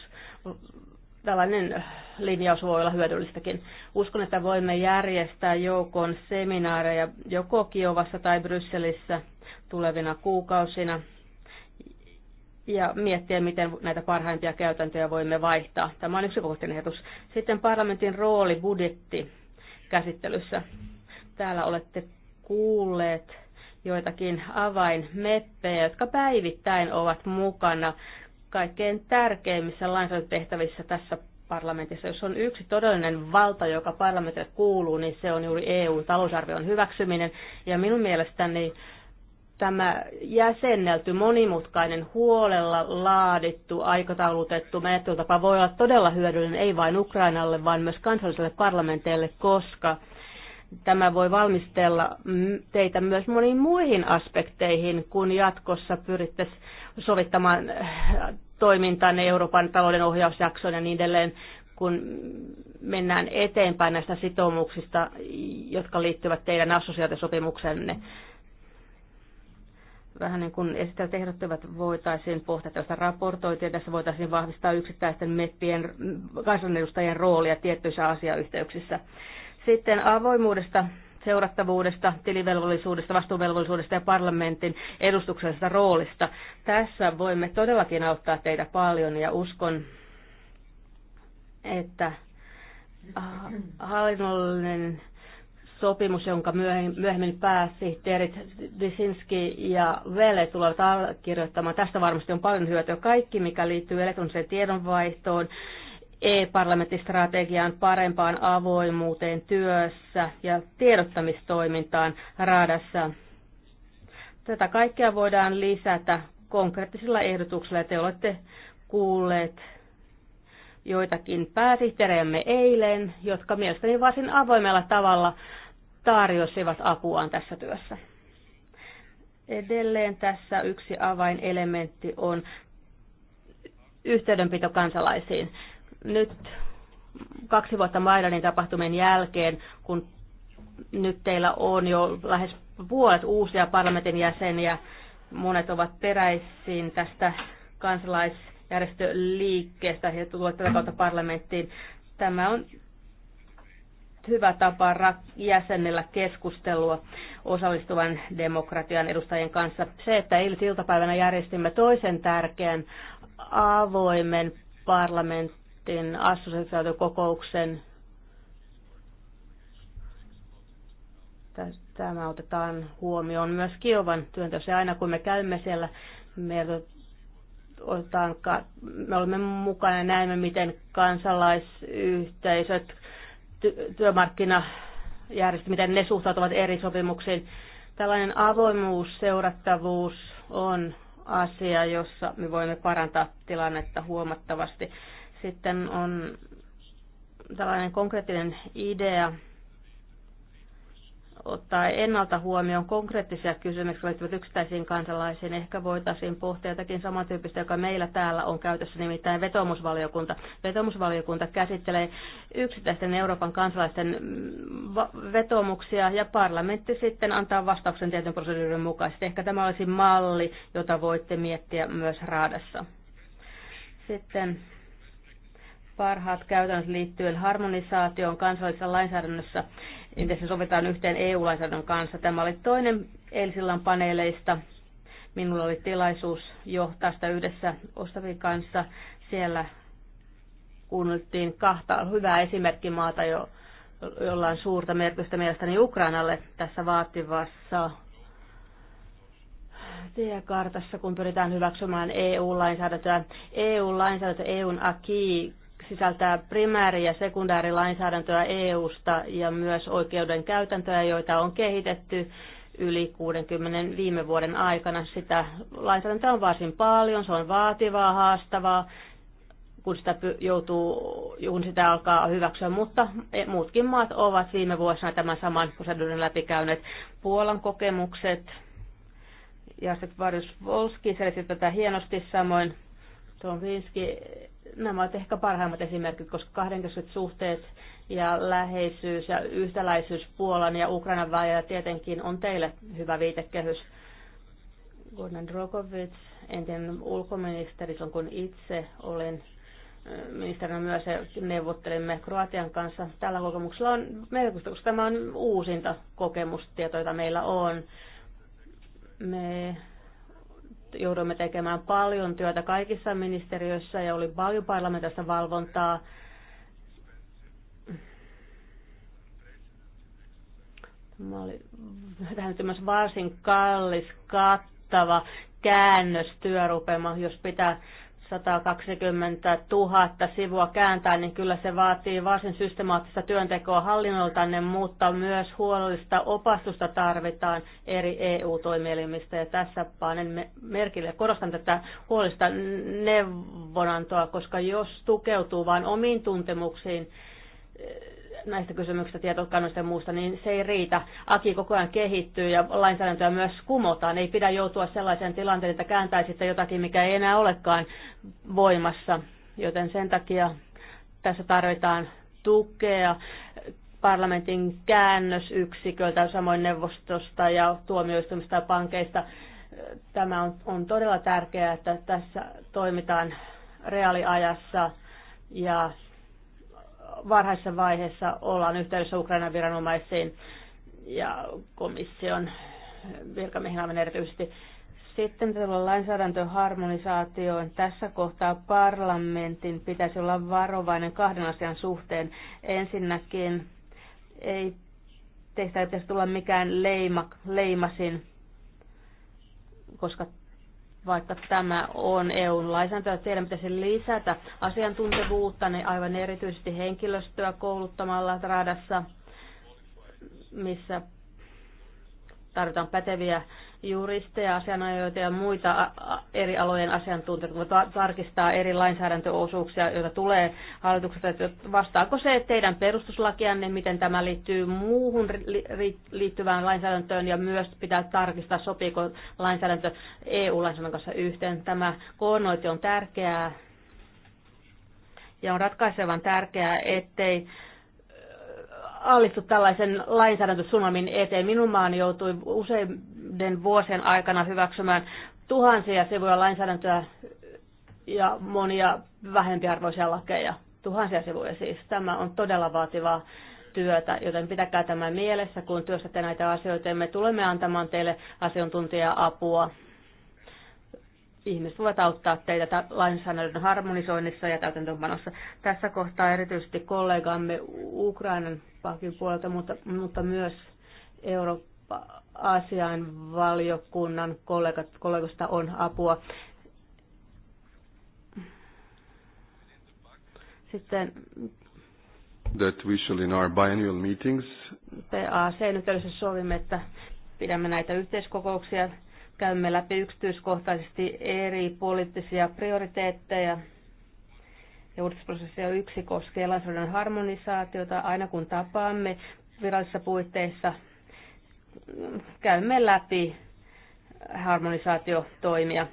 tällainen linjaus voi olla hyödyllistäkin. Uskon, että voimme järjestää joukon seminaareja joko Kiovassa tai Brysselissä tulevina kuukausina ja miettiä, miten näitä parhaimpia käytäntöjä voimme vaihtaa. Tämä on yksi kohteen ehdotus. Sitten parlamentin rooli budjetti käsittelyssä. Täällä olette kuulleet joitakin avainmeppejä, jotka päivittäin ovat mukana kaikkein tärkeimmissä lainsäädäntötehtävissä tässä parlamentissa. Jos on yksi todellinen valta, joka parlamentille kuuluu, niin se on juuri EU talousarvion hyväksyminen. Ja minun mielestäni tämä jäsennelty, monimutkainen, huolella laadittu, aikataulutettu menettelytapa voi olla todella hyödyllinen ei vain Ukrainalle, vaan myös kansalliselle parlamenteille, koska tämä voi valmistella teitä myös moniin muihin aspekteihin, kun jatkossa pyrittäisiin sovittamaan äh, toimintaan Euroopan talouden ohjausjaksoon ja niin edelleen, kun mennään eteenpäin näistä sitoumuksista, jotka liittyvät teidän assosiaatiosopimuksenne. Mm vähän niin kuin esittäjät ehdottivat, voitaisiin pohtia tällaista raportointia. Tässä voitaisiin vahvistaa yksittäisten meppien kansanedustajien roolia tiettyissä asiayhteyksissä. Sitten avoimuudesta seurattavuudesta, tilivelvollisuudesta, vastuuvelvollisuudesta ja parlamentin edustuksellisesta roolista. Tässä voimme todellakin auttaa teitä paljon ja uskon, että hallinnollinen sopimus, jonka myöhemmin pääsihteerit Dysinski ja Vele tulevat allekirjoittamaan. Tästä varmasti on paljon hyötyä. Kaikki, mikä liittyy elektroniseen tiedonvaihtoon, e-parlamenttistrategiaan, parempaan avoimuuteen työssä ja tiedottamistoimintaan radassa. Tätä kaikkea voidaan lisätä konkreettisilla ehdotuksilla. Te olette kuulleet joitakin pääsihteerejämme eilen, jotka mielestäni varsin avoimella tavalla tarjosivat apuaan tässä työssä. Edelleen tässä yksi avainelementti on yhteydenpito kansalaisiin. Nyt kaksi vuotta Maidanin tapahtumien jälkeen, kun nyt teillä on jo lähes puolet uusia parlamentin jäseniä, monet ovat peräisin tästä kansalaisjärjestöliikkeestä ja tulevat tätä kautta parlamenttiin. Tämä on hyvä tapa jäsennellä keskustelua osallistuvan demokratian edustajien kanssa. Se, että iltapäivänä järjestimme toisen tärkeän avoimen parlamentin assosiaatiokokouksen. Tämä otetaan huomioon myös Kiovan työntössä. Aina kun me käymme siellä, me me olemme mukana ja näemme, miten kansalaisyhteisöt ty- työmarkkinajärjestö, miten ne suhtautuvat eri sopimuksiin. Tällainen avoimuus, seurattavuus on asia, jossa me voimme parantaa tilannetta huomattavasti. Sitten on tällainen konkreettinen idea ottaa ennalta huomioon konkreettisia kysymyksiä liittyvät yksittäisiin kansalaisiin. Ehkä voitaisiin pohtia jotakin samantyyppistä, joka meillä täällä on käytössä, nimittäin vetomusvaliokunta. Vetomusvaliokunta käsittelee yksittäisten Euroopan kansalaisten mm, vetomuksia ja parlamentti sitten antaa vastauksen tietyn proseduurin mukaisesti. Ehkä tämä olisi malli, jota voitte miettiä myös raadassa. Sitten parhaat käytännöt liittyen harmonisaatioon kansallisessa lainsäädännössä miten se sovitaan yhteen EU-lainsäädännön kanssa. Tämä oli toinen Elsillan paneeleista. Minulla oli tilaisuus johtaa sitä yhdessä Ostavin kanssa. Siellä kuunneltiin kahta hyvää esimerkkimaata, jo, jolla on suurta merkitystä mielestäni Ukrainalle tässä vaativassa tiekartassa, kun pyritään hyväksymään EU-lainsäädäntöä. EU-lainsäädäntö, EUn aki sisältää primääri- ja sekundäärilainsäädäntöä EU-sta ja myös oikeuden käytäntöjä, joita on kehitetty yli 60 viime vuoden aikana. Sitä lainsäädäntöä on varsin paljon, se on vaativaa, haastavaa, kun sitä joutuu, kun sitä alkaa hyväksyä, mutta e- muutkin maat ovat viime vuosina tämän saman proseduurin läpikäyneet. Puolan kokemukset, sitten Varjus Volski selitti tätä hienosti, samoin Tom Vinski nämä ovat ehkä parhaimmat esimerkit, koska kahdenkeskiset suhteet ja läheisyys ja yhtäläisyys Puolan ja Ukrainan välillä tietenkin on teille hyvä viitekehys. Gordon Drogovic, entinen ulkoministeri, on kun itse olin äh, ministerinä myös neuvottelimme Kroatian kanssa. Tällä kokemuksella on merkitystä, koska tämä on uusinta kokemustietoita meillä on. Me jouduimme tekemään paljon työtä kaikissa ministeriöissä ja oli paljon parlamentaarista valvontaa. Tämä oli myös varsin kallis, kattava käännöstyörupema, jos pitää 120 000 sivua kääntää, niin kyllä se vaatii varsin systemaattista työntekoa hallinnoltanne, mutta myös huolellista opastusta tarvitaan eri EU-toimielimistä. Ja tässä panen merkille, korostan tätä huolellista neuvonantoa, koska jos tukeutuu vain omiin tuntemuksiin, näistä kysymyksistä, tietokannoista ja muusta, niin se ei riitä. Aki koko ajan kehittyy ja lainsäädäntöä myös kumotaan. Ei pidä joutua sellaiseen tilanteeseen, että kääntäisitte jotakin, mikä ei enää olekaan voimassa. Joten sen takia tässä tarvitaan tukea parlamentin käännösyksiköltä, samoin neuvostosta ja tuomioistumista ja pankeista. Tämä on, on todella tärkeää, että tässä toimitaan reaaliajassa ja varhaisessa vaiheessa ollaan yhteydessä Ukrainan viranomaisiin ja komission virkamiehen aivan erityisesti. Sitten tulee lainsäädäntöharmonisaatioon. Tässä kohtaa parlamentin pitäisi olla varovainen kahden asian suhteen. Ensinnäkin ei teistä pitäisi tulla mikään leima, leimasin, koska vaikka tämä on EUn lainsäädäntöä, teidän pitäisi lisätä asiantuntevuutta, niin aivan erityisesti henkilöstöä kouluttamalla radassa, missä tarvitaan päteviä juristeja, asianajoita ja muita eri alojen asiantuntijoita, kun tarkistaa eri lainsäädäntöosuuksia, joita tulee hallitukselta, että vastaako se teidän perustuslakianne, miten tämä liittyy muuhun liittyvään lainsäädäntöön ja myös pitää tarkistaa, sopiiko lainsäädäntö EU-lainsäädännön kanssa yhteen. Tämä koordinointi on tärkeää ja on ratkaisevan tärkeää, ettei allistu tällaisen lainsäädäntösunnelmin eteen. Minun maani joutui useiden vuosien aikana hyväksymään tuhansia sivuja lainsäädäntöä ja monia vähempiarvoisia lakeja. Tuhansia sivuja siis. Tämä on todella vaativaa työtä, joten pitäkää tämä mielessä, kun työstätte näitä asioita. Me tulemme antamaan teille asiantuntija-apua ihmiset voivat auttaa teitä lainsäädännön harmonisoinnissa ja täytäntöönpanossa. Tässä kohtaa erityisesti kollegamme Ukrainan pankin puolelta, mutta, mutta myös Eurooppa-asian valiokunnan kollegat, kollegosta on apua. Sitten that we shall in our biannual meetings. PAC-yhteydessä sovimme, että pidämme näitä yhteiskokouksia Käymme läpi yksityiskohtaisesti eri poliittisia prioriteetteja. Ja on yksi koskee lainsäädännön harmonisaatiota. Aina kun tapaamme virallisissa puitteissa, käymme läpi harmonisaatiotoimia.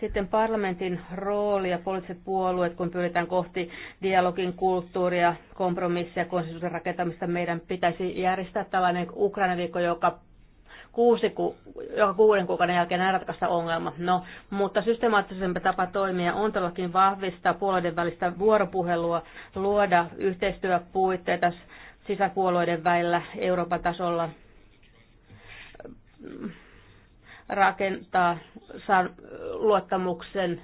Sitten parlamentin rooli ja poliittiset puolueet, kun pyritään kohti dialogin kulttuuria, kompromissia, konsensuksen rakentamista, meidän pitäisi järjestää tällainen Ukraina-viikko, joka kuusi ku, joka kuuden kuukauden jälkeen näin ratkaista ongelma. No, mutta systemaattisempi tapa toimia on todellakin vahvistaa puolueiden välistä vuoropuhelua, luoda yhteistyöpuitteita sisäpuolueiden välillä Euroopan tasolla, rakentaa luottamuksen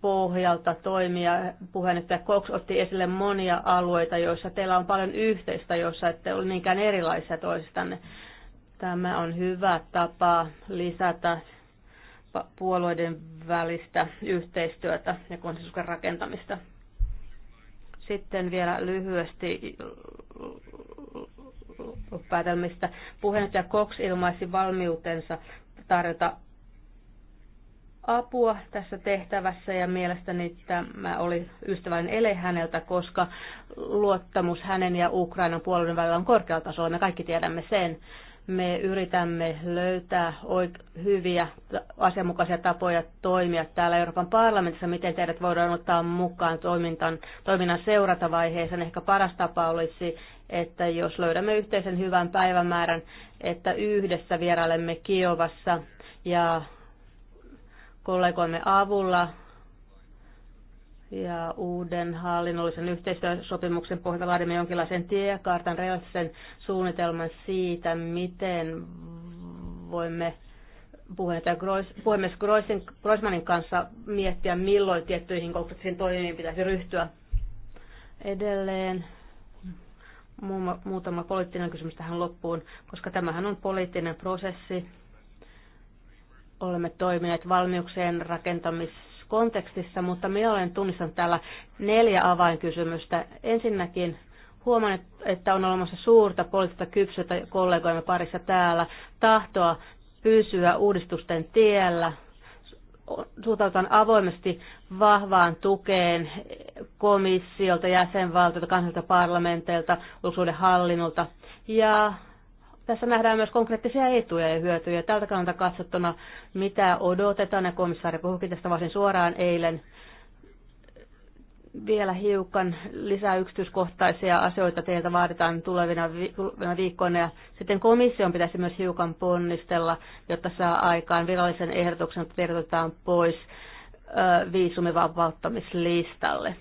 pohjalta toimia. Puheenjohtaja Cox otti esille monia alueita, joissa teillä on paljon yhteistä, joissa ette ole niinkään erilaisia toisistanne. Tämä on hyvä tapa lisätä puolueiden välistä yhteistyötä ja konsensuksen rakentamista. Sitten vielä lyhyesti päätelmistä. Puheenjohtaja Cox ilmaisi valmiutensa tarjota apua tässä tehtävässä ja mielestäni tämä oli ystävällinen ele häneltä, koska luottamus hänen ja Ukrainan puolueen välillä on korkealla tasolla. Me kaikki tiedämme sen. Me yritämme löytää hyviä asianmukaisia tapoja toimia täällä Euroopan parlamentissa, miten teidät voidaan ottaa mukaan toimintan, toiminnan seuratavaiheeseen. Ehkä paras tapa olisi, että jos löydämme yhteisen hyvän päivämäärän, että yhdessä vierailemme Kiovassa ja kollegoimme avulla ja uuden hallinnollisen yhteistyösopimuksen pohjalta laadimme jonkinlaisen tiekartan, realistisen suunnitelman siitä, miten voimme puhemies Groismanin kanssa miettiä, milloin tiettyihin konkreettisiin toimiin pitäisi ryhtyä. Edelleen muutama poliittinen kysymys tähän loppuun, koska tämähän on poliittinen prosessi. Olemme toimineet valmiuksien rakentamis kontekstissa, mutta minä olen tunnistanut täällä neljä avainkysymystä. Ensinnäkin huomaan, että on olemassa suurta poliittista kypsyyttä kollegoimme parissa täällä, tahtoa pysyä uudistusten tiellä, suhtaudutaan avoimesti vahvaan tukeen komissiolta, jäsenvaltiolta, kansallisilta parlamenteilta, ulkoisuuden hallinnolta ja tässä nähdään myös konkreettisia etuja ja hyötyjä. Tältä kannalta katsottuna, mitä odotetaan, ja komissaari puhukin tästä varsin suoraan eilen, vielä hiukan lisää yksityiskohtaisia asioita teiltä vaaditaan tulevina, viikkoina. Ja sitten komission pitäisi myös hiukan ponnistella, jotta saa aikaan virallisen ehdotuksen, että pois viisumivapauttamislistalle.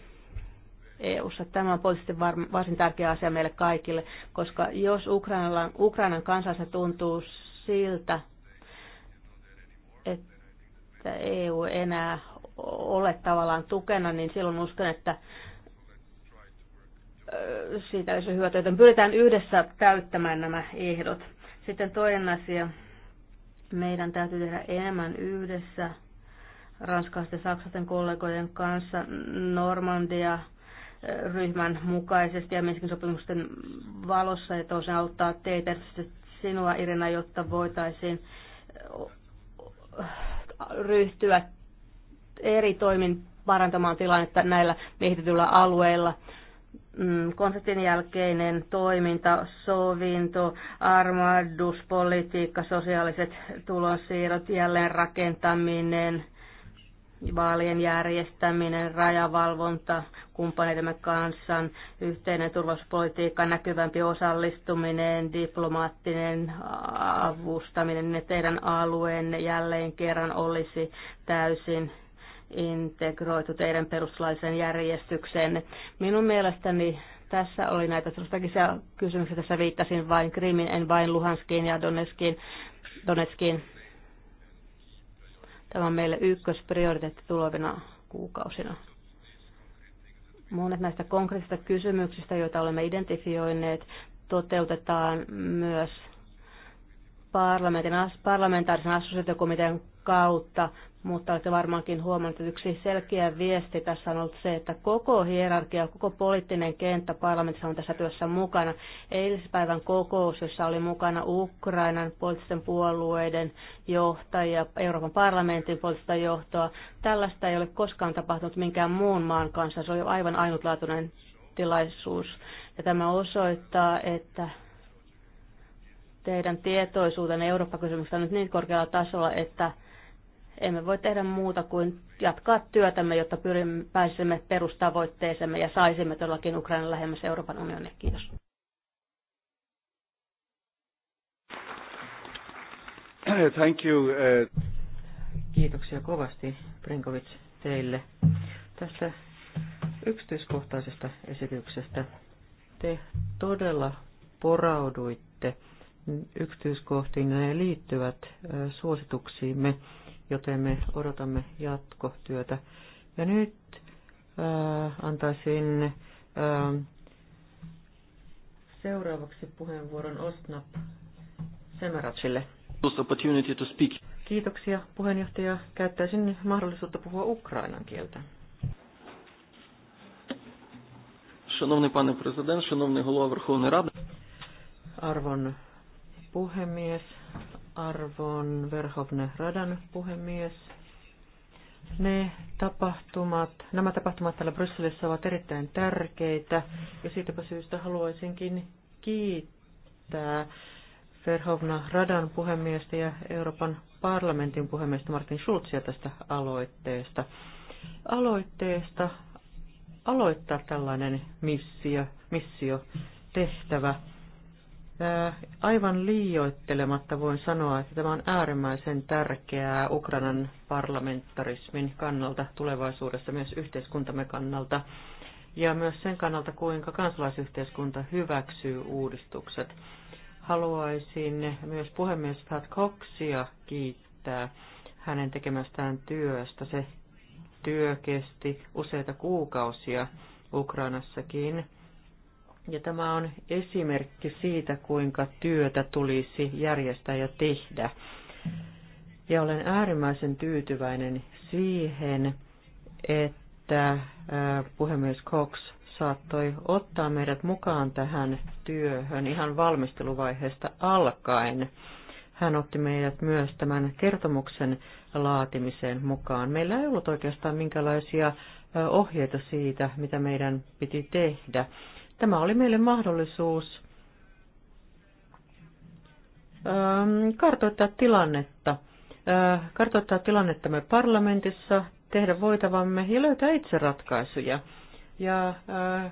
EU-ssa. Tämä on poliittisesti varsin tärkeä asia meille kaikille, koska jos Ukrainalla, Ukrainan kansassa tuntuu siltä, että EU enää ole tavallaan tukena, niin silloin uskon, että siitä olisi hyötyä, joten pyritään yhdessä täyttämään nämä ehdot. Sitten toinen asia, meidän täytyy tehdä enemmän yhdessä ranskalaisten ja saksalaisten kollegojen kanssa Normandia ryhmän mukaisesti ja Minskin sopimusten valossa, että se auttaa teitä sinua Irina, jotta voitaisiin ryhtyä eri toimin parantamaan tilannetta näillä miehitetyillä alueilla. Mm, Konfliktin jälkeinen toiminta, sovinto, armahduspolitiikka, sosiaaliset tulonsiirrot, jälleenrakentaminen – vaalien järjestäminen, rajavalvonta kumppaneidemme kanssa, yhteinen turvallisuuspolitiikka, näkyvämpi osallistuminen, diplomaattinen avustaminen, ne teidän alueenne jälleen kerran olisi täysin integroitu teidän peruslaisen järjestykseen Minun mielestäni tässä oli näitä strategisia kysymyksiä, tässä viittasin vain Krimin, en vain Luhanskiin ja Donetskiin. Donetskiin Tämä on meille ykkösprioriteetti tulevina kuukausina. Monet näistä konkreettisista kysymyksistä, joita olemme identifioineet, toteutetaan myös parlamentin, parlamentaarisen assosiaatiokomitean kautta mutta olette varmaankin huomannut, että yksi selkeä viesti tässä on ollut se, että koko hierarkia, koko poliittinen kenttä parlamentissa on tässä työssä mukana. Eilispäivän kokous, jossa oli mukana Ukrainan poliittisten puolueiden johtajia, Euroopan parlamentin poliittista johtoa, tällaista ei ole koskaan tapahtunut minkään muun maan kanssa. Se oli aivan ainutlaatuinen tilaisuus. Ja tämä osoittaa, että teidän tietoisuutenne Eurooppa-kysymyksestä on nyt niin korkealla tasolla, että – emme voi tehdä muuta kuin jatkaa työtämme, jotta pyrimme, pääsemme perustavoitteeseemme ja saisimme todellakin Ukrainan lähemmäs Euroopan unionia. Kiitos. Thank you. Uh, Kiitoksia kovasti, Brinkovic, teille tästä yksityiskohtaisesta esityksestä. Te todella porauduitte yksityiskohtiin ja ne liittyvät suosituksiimme joten me odotamme jatkotyötä. Ja nyt äh, antaisin äh, seuraavaksi puheenvuoron Ostnap Semeratsille. Kiitoksia puheenjohtaja. Käyttäisin mahdollisuutta puhua ukrainan kieltä. Шановний пане президент, шановний голова Верховної Ради. Арвон puhemies, arvon Verhovne Radan puhemies. Ne tapahtumat, nämä tapahtumat täällä Brysselissä ovat erittäin tärkeitä ja siitäpä syystä haluaisinkin kiittää Verhovna Radan puhemiestä ja Euroopan parlamentin puhemiestä Martin Schulzia tästä aloitteesta. Aloitteesta aloittaa tällainen missio, missio tehtävä Äh, aivan liioittelematta voin sanoa, että tämä on äärimmäisen tärkeää Ukrainan parlamentarismin kannalta tulevaisuudessa, myös yhteiskuntamme kannalta ja myös sen kannalta, kuinka kansalaisyhteiskunta hyväksyy uudistukset. Haluaisin myös puhemies Pat Coxia kiittää hänen tekemästään työstä. Se työ kesti useita kuukausia Ukrainassakin ja tämä on esimerkki siitä, kuinka työtä tulisi järjestää ja tehdä. Ja olen äärimmäisen tyytyväinen siihen, että puhemies Cox saattoi ottaa meidät mukaan tähän työhön ihan valmisteluvaiheesta alkaen. Hän otti meidät myös tämän kertomuksen laatimiseen mukaan. Meillä ei ollut oikeastaan minkälaisia ohjeita siitä, mitä meidän piti tehdä Tämä oli meille mahdollisuus ähm, kartoittaa tilannetta. Äh, kartoittaa tilannettamme parlamentissa, tehdä voitavamme ja löytää itse ratkaisuja. Ja äh,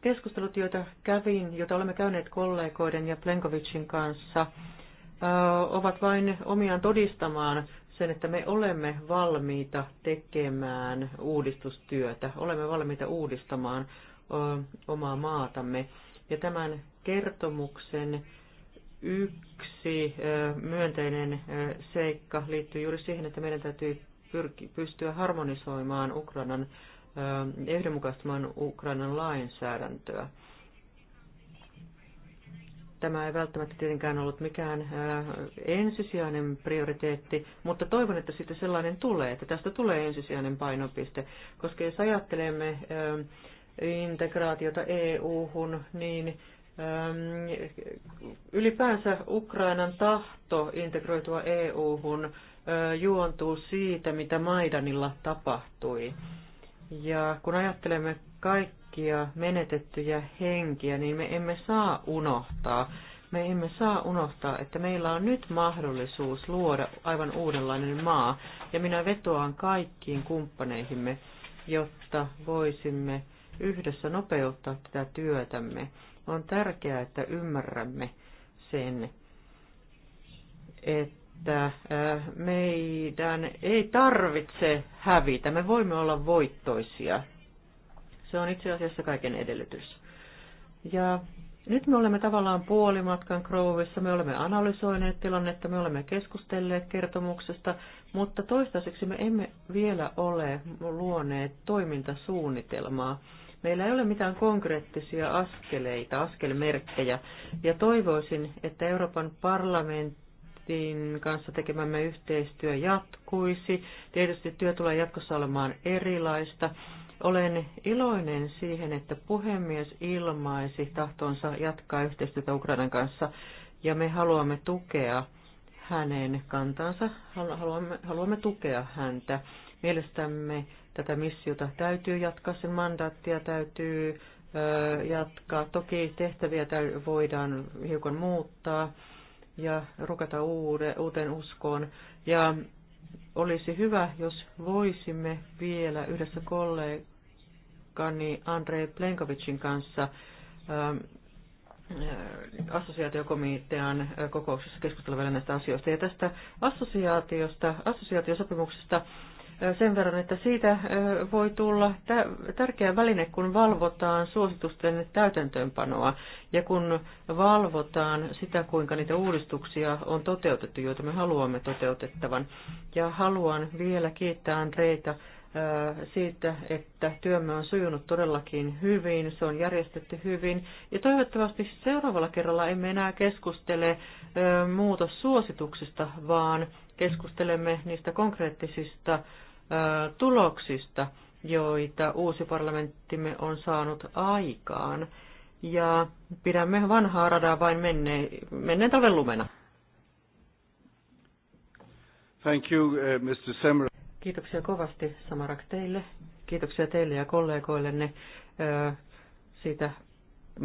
keskustelut, joita kävin, joita olemme käyneet kollegoiden ja Plenkovicin kanssa, äh, ovat vain omiaan todistamaan sen, että me olemme valmiita tekemään uudistustyötä, olemme valmiita uudistamaan omaa maatamme. Ja tämän kertomuksen yksi myönteinen seikka liittyy juuri siihen, että meidän täytyy pystyä harmonisoimaan Ukrainan, yhdenmukaistamaan Ukrainan lainsäädäntöä. Tämä ei välttämättä tietenkään ollut mikään ensisijainen prioriteetti, mutta toivon, että sitten sellainen tulee, että tästä tulee ensisijainen painopiste, koska jos ajattelemme integraatiota EU-hun, niin ylipäänsä Ukrainan tahto integroitua EU-hun juontuu siitä, mitä Maidanilla tapahtui. Ja kun ajattelemme kaikki kaikkia menetettyjä henkiä, niin me emme saa unohtaa. Me emme saa unohtaa, että meillä on nyt mahdollisuus luoda aivan uudenlainen maa, ja minä vetoan kaikkiin kumppaneihimme, jotta voisimme yhdessä nopeuttaa tätä työtämme. On tärkeää, että ymmärrämme sen, että että äh, meidän ei tarvitse hävitä. Me voimme olla voittoisia se on itse asiassa kaiken edellytys. Ja nyt me olemme tavallaan puolimatkan Crowissa, me olemme analysoineet tilannetta, me olemme keskustelleet kertomuksesta, mutta toistaiseksi me emme vielä ole luoneet toimintasuunnitelmaa. Meillä ei ole mitään konkreettisia askeleita, askelmerkkejä, ja toivoisin, että Euroopan parlamentin kanssa tekemämme yhteistyö jatkuisi. Tietysti työ tulee jatkossa olemaan erilaista olen iloinen siihen, että puhemies ilmaisi tahtonsa jatkaa yhteistyötä Ukrainan kanssa ja me haluamme tukea hänen kantansa, haluamme, haluamme tukea häntä. Mielestämme tätä missiota täytyy jatkaa, sen mandaattia täytyy ö, jatkaa. Toki tehtäviä täy, voidaan hiukan muuttaa ja rukata uude, uuteen uskoon. Ja olisi hyvä, jos voisimme vielä yhdessä kolleg- kollegani Andrei Plenkovicin kanssa ähm, äh, assosiaatiokomitean äh, kokouksessa keskustella näistä asioista. Ja tästä assosiaatiosta, assosiaatiosopimuksesta äh, sen verran, että siitä voi tulla tärkeä väline, kun valvotaan suositusten täytäntöönpanoa ja kun valvotaan sitä, kuinka niitä uudistuksia on toteutettu, joita me haluamme toteutettavan. Ja haluan vielä kiittää Andreita siitä, että työmme on sujunut todellakin hyvin, se on järjestetty hyvin. Ja toivottavasti seuraavalla kerralla emme enää keskustele muutossuosituksista, vaan keskustelemme niistä konkreettisista tuloksista, joita uusi parlamenttimme on saanut aikaan. Ja pidämme vanhaa radaa vain menneen, talven lumena. Thank you, uh, eh, Mr. Semra. Kiitoksia kovasti Samarak teille. Kiitoksia teille ja kollegoillenne siitä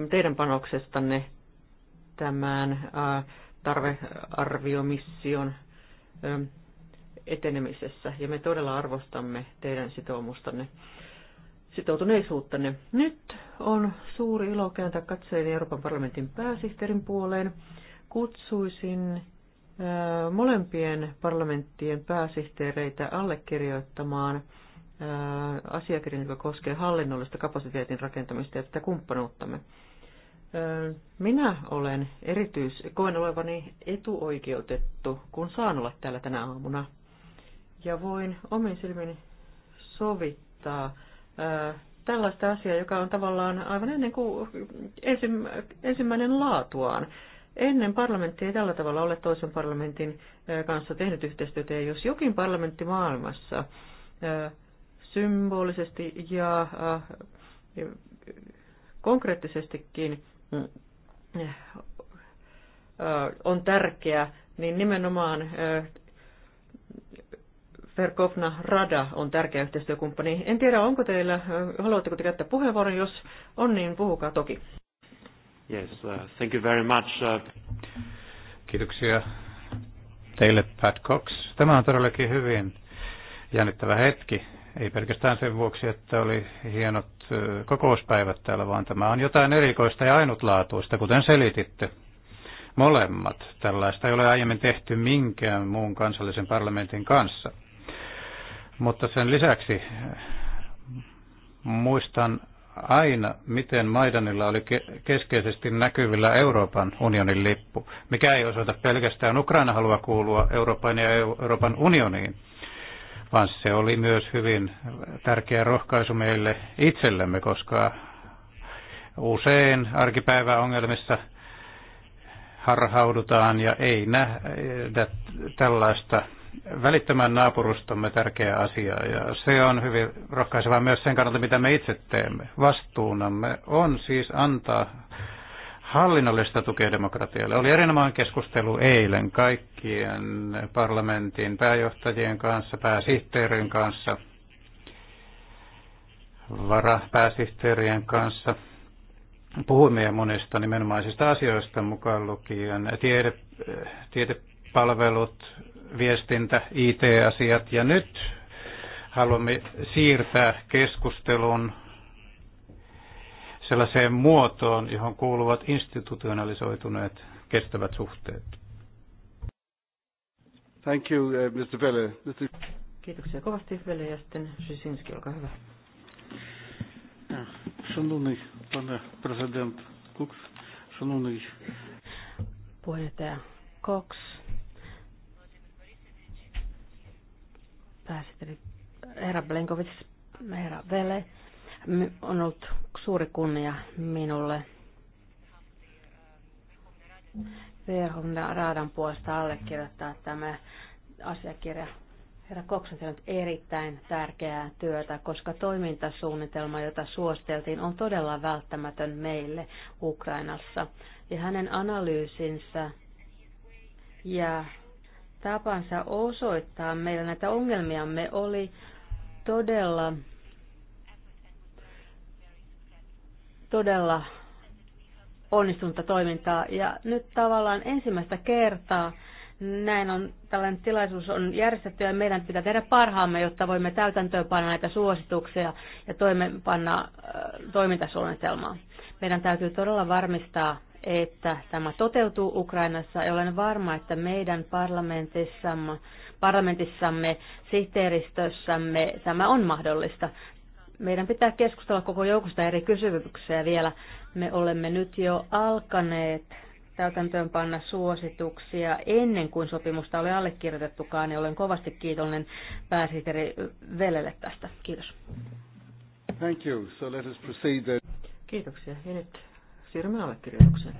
teidän panoksestanne tämän tarvearviomission etenemisessä. Ja me todella arvostamme teidän sitoumustanne, sitoutuneisuuttanne. Nyt on suuri ilo kääntää katseeni Euroopan parlamentin pääsihteerin puoleen. Kutsuisin molempien parlamenttien pääsihteereitä allekirjoittamaan asiakirjan, joka koskee hallinnollista kapasiteetin rakentamista ja tätä kumppanuuttamme. Minä olen erityis, koen olevani etuoikeutettu, kun saan olla täällä tänä aamuna. Ja voin omin silmin sovittaa tällaista asiaa, joka on tavallaan aivan ennen kuin ensimmäinen laatuaan. Ennen parlamentti ei tällä tavalla ole toisen parlamentin kanssa tehnyt yhteistyötä, ja jos jokin parlamentti maailmassa symbolisesti ja konkreettisestikin mm, eh, on tärkeä, niin nimenomaan Verkovna Rada on tärkeä yhteistyökumppani. En tiedä, onko teillä, haluatteko te käyttää puheenvuoron, jos on, niin puhukaa toki. Yes, uh, thank you very much. Uh... Kiitoksia teille, Pat Cox. Tämä on todellakin hyvin jännittävä hetki. Ei pelkästään sen vuoksi, että oli hienot kokouspäivät täällä, vaan tämä on jotain erikoista ja ainutlaatuista, kuten selititte. Molemmat. Tällaista ei ole aiemmin tehty minkään muun kansallisen parlamentin kanssa. Mutta sen lisäksi muistan aina, miten Maidanilla oli keskeisesti näkyvillä Euroopan unionin lippu, mikä ei osoita pelkästään Ukraina halua kuulua Euroopan ja Euroopan unioniin, vaan se oli myös hyvin tärkeä rohkaisu meille itsellemme, koska usein arkipäiväongelmissa harhaudutaan ja ei nähdä tällaista välittömän naapurustomme tärkeä asia ja se on hyvin rohkaisevaa myös sen kannalta, mitä me itse teemme. Vastuunamme on siis antaa hallinnollista tukea demokratialle. Oli erinomainen keskustelu eilen kaikkien parlamentin pääjohtajien kanssa, pääsihteerin kanssa, varapääsihteerien kanssa. Puhuimme monista nimenomaisista asioista mukaan lukien tiede, eh, tiedepalvelut, viestintä, IT-asiat ja nyt haluamme siirtää keskustelun sellaiseen muotoon, johon kuuluvat institutionalisoituneet kestävät suhteet. Thank you, uh, Mr. Velle. Mr. Kiitoksia kovasti Velle ja sitten Szysinski, olkaa hyvä. Шановний пане президент Кукс, шановний puheenjohtaja Cox, pääsihteeri herra Blenkovic, herra Vele. On ollut suuri kunnia minulle Verhon Raadan puolesta allekirjoittaa tämä asiakirja. Herra Cox on tehnyt erittäin tärkeää työtä, koska toimintasuunnitelma, jota suosteltiin, on todella välttämätön meille Ukrainassa. Ja hänen analyysinsä ja tapansa osoittaa meillä näitä ongelmiamme oli todella, todella onnistunutta toimintaa. Ja nyt tavallaan ensimmäistä kertaa näin on, tällainen tilaisuus on järjestetty ja meidän pitää tehdä parhaamme, jotta voimme täytäntöönpanna näitä suosituksia ja toimenpanna äh, toimintasuunnitelmaa. Meidän täytyy todella varmistaa että tämä toteutuu Ukrainassa. Ja olen varma, että meidän parlamentissamme, parlamentissamme sihteeristössämme tämä on mahdollista. Meidän pitää keskustella koko joukosta eri kysymyksiä vielä. Me olemme nyt jo alkaneet täytäntöönpanna suosituksia ennen kuin sopimusta oli allekirjoitettukaan, niin olen kovasti kiitollinen pääsihteeri Velelle tästä. Kiitos. Thank you. So let us proceed Kiitoksia. Ja nyt Siirrymme allekirjoitukseen.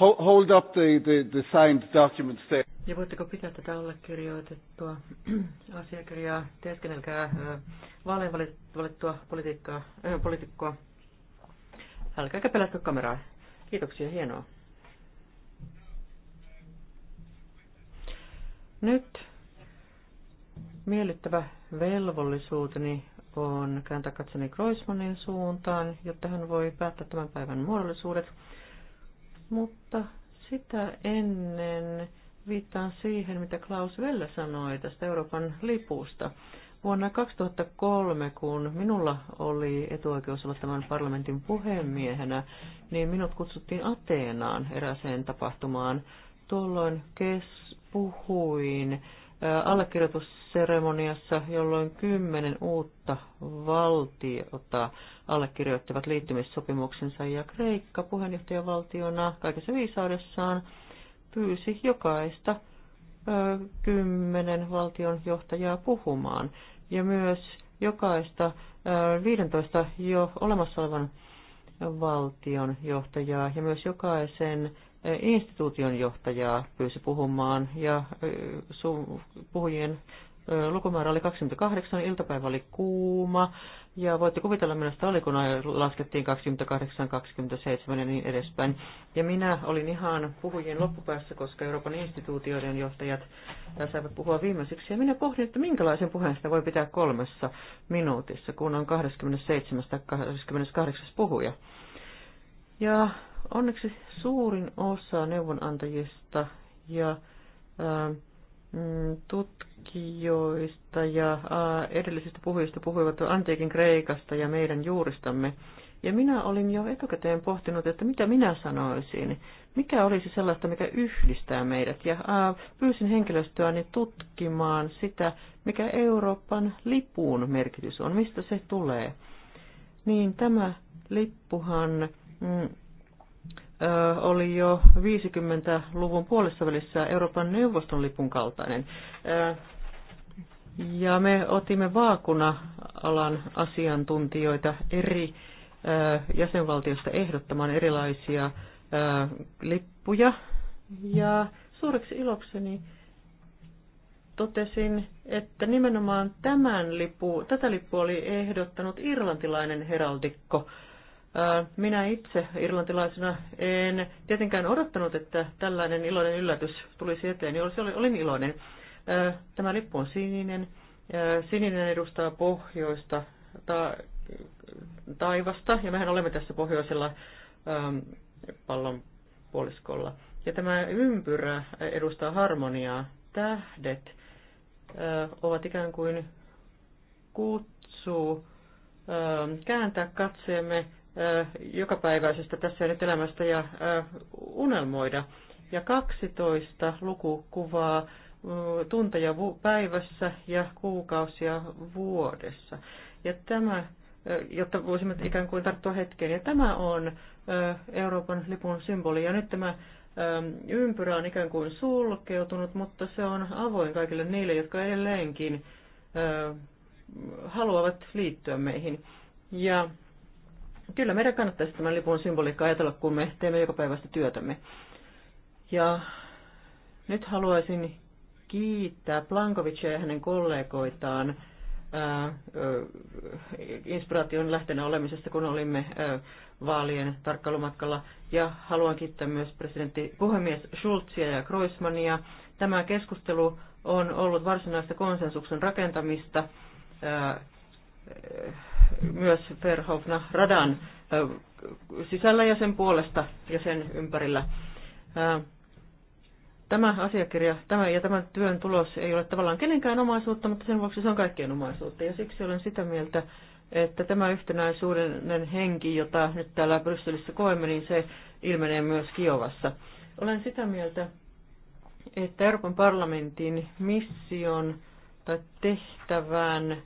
Hold up the, the, the signed documents there. Ja voitteko pitää tätä allekirjoitettua asiakirjaa, teeskennelkää vaalean valittua politiikkaa, äh, poliitikkoa. Älkääkä pelätkö kameraa. Kiitoksia, hienoa. Nyt miellyttävä velvollisuuteni on kääntää katsoni Groismanin suuntaan, jotta hän voi päättää tämän päivän muodollisuudet. Mutta sitä ennen viittaan siihen, mitä Klaus Velle sanoi tästä Euroopan lipusta. Vuonna 2003, kun minulla oli etuoikeus olla tämän parlamentin puhemiehenä, niin minut kutsuttiin Ateenaan eräseen tapahtumaan. Tuolloin kes puhuin allekirjoitus seremoniassa, jolloin kymmenen uutta valtiota allekirjoittivat liittymissopimuksensa ja Kreikka puheenjohtajavaltiona kaikessa viisaudessaan pyysi jokaista ö, kymmenen valtion johtajaa puhumaan ja myös jokaista ö, 15 jo olemassa olevan valtion johtajaa ja myös jokaisen instituution johtajaa pyysi puhumaan ja puhujien lukumäärä oli 28, iltapäivä oli kuuma, ja voitte kuvitella minusta oli, kun laskettiin 28, 27 ja niin edespäin. Ja minä olin ihan puhujien loppupäässä, koska Euroopan instituutioiden johtajat saivat puhua viimeiseksi, ja minä pohdin, että minkälaisen puheen sitä voi pitää kolmessa minuutissa, kun on 27 tai 28 puhuja. Ja onneksi suurin osa neuvonantajista ja... Ää, Mm, tutkijoista ja edellisistä puhujista puhuivat antiikin Kreikasta ja meidän juuristamme. Ja minä olin jo etukäteen pohtinut, että mitä minä sanoisin, mikä olisi sellaista, mikä yhdistää meidät. Ja ää, pyysin henkilöstöäni tutkimaan sitä, mikä Euroopan lipun merkitys on, mistä se tulee. Niin tämä lippuhan mm, oli jo 50-luvun puolessa välissä Euroopan neuvoston lipun kaltainen. Ja me otimme vaakuna-alan asiantuntijoita eri jäsenvaltiosta ehdottamaan erilaisia lippuja. Ja suureksi ilokseni totesin, että nimenomaan tämän lipu, tätä lippua oli ehdottanut irlantilainen heraldikko minä itse irlantilaisena en tietenkään odottanut, että tällainen iloinen yllätys tulisi eteen, niin olin iloinen. Tämä lippu on sininen. Sininen edustaa pohjoista ta- taivasta, ja mehän olemme tässä pohjoisella ähm, pallonpuoliskolla. Ja tämä ympyrä edustaa harmoniaa. Tähdet ovat ikään kuin kutsuu ähm, kääntää katseemme jokapäiväisestä tässä ja nyt elämästä ja unelmoida. Ja 12 lukukuvaa tunteja päivässä ja kuukausia vuodessa. Ja tämä, jotta voisimme ikään kuin tarttua hetkeen. Ja tämä on Euroopan lipun symboli. Ja nyt tämä ympyrä on ikään kuin sulkeutunut, mutta se on avoin kaikille niille, jotka edelleenkin haluavat liittyä meihin. Ja Kyllä meidän kannattaisi tämän lipun symboliikka ajatella, kun me teemme joka päivästä työtämme. Ja nyt haluaisin kiittää Plankovicia ja hänen kollegoitaan äh, inspiraation lähtenä olemisesta, kun olimme äh, vaalien tarkkailumatkalla. Ja haluan kiittää myös presidentti puhemies Schulzia ja Kreuzmania. Tämä keskustelu on ollut varsinaista konsensuksen rakentamista äh, myös Verhovna radan sisällä ja sen puolesta ja sen ympärillä. Tämä asiakirja tämä ja tämän työn tulos ei ole tavallaan kenenkään omaisuutta, mutta sen vuoksi se on kaikkien omaisuutta. Ja siksi olen sitä mieltä, että tämä yhtenäisuuden henki, jota nyt täällä Brysselissä koemme, niin se ilmenee myös Kiovassa. Olen sitä mieltä, että Euroopan parlamentin mission tai tehtävään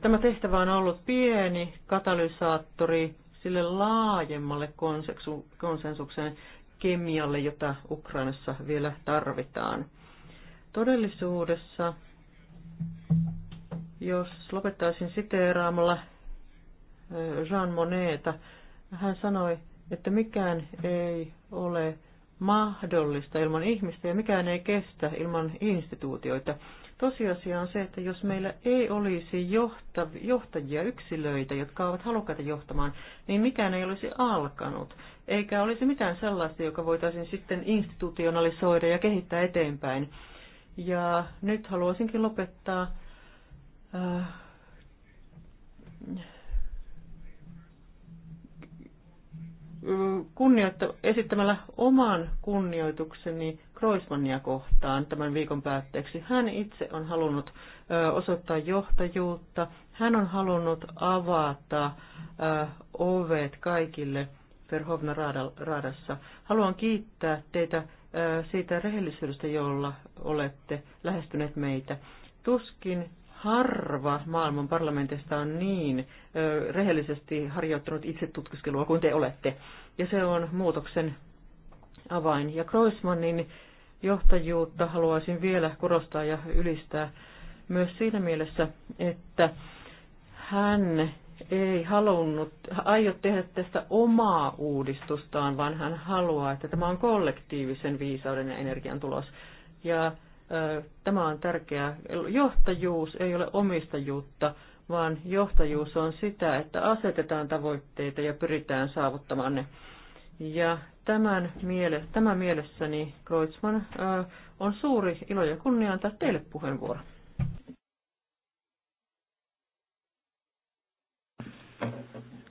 Tämä tehtävä on ollut pieni katalysaattori sille laajemmalle konsensuksen kemialle, jota Ukrainassa vielä tarvitaan. Todellisuudessa, jos lopettaisin siteeraamalla Jean Moneta, hän sanoi, että mikään ei ole mahdollista ilman ihmistä ja mikään ei kestä ilman instituutioita. Tosiasia on se, että jos meillä ei olisi johtajia, yksilöitä, jotka ovat halukkaita johtamaan, niin mikään ei olisi alkanut, eikä olisi mitään sellaista, joka voitaisiin sitten institutionalisoida ja kehittää eteenpäin. Ja nyt haluaisinkin lopettaa äh, kunnioitta, esittämällä oman kunnioitukseni Kroismania kohtaan tämän viikon päätteeksi. Hän itse on halunnut osoittaa johtajuutta, hän on halunnut avata ovet kaikille Verhovna Raadassa. Haluan kiittää teitä siitä rehellisyydestä, jolla olette lähestyneet meitä. Tuskin harva maailman parlamentista on niin ö, rehellisesti harjoittanut itsetutkiskelua kuin te olette. Ja se on muutoksen avain. Ja Kroismannin johtajuutta haluaisin vielä korostaa ja ylistää myös siinä mielessä, että hän ei halunnut, aio tehdä tästä omaa uudistustaan, vaan hän haluaa, että tämä on kollektiivisen viisauden ja energian tulos. Ja Tämä on tärkeää. Johtajuus ei ole omistajuutta, vaan johtajuus on sitä, että asetetaan tavoitteita ja pyritään saavuttamaan ne. Ja tämän, miele, tämän mielessäni Kreutzmann on suuri ilo ja kunnia antaa teille puheenvuoro.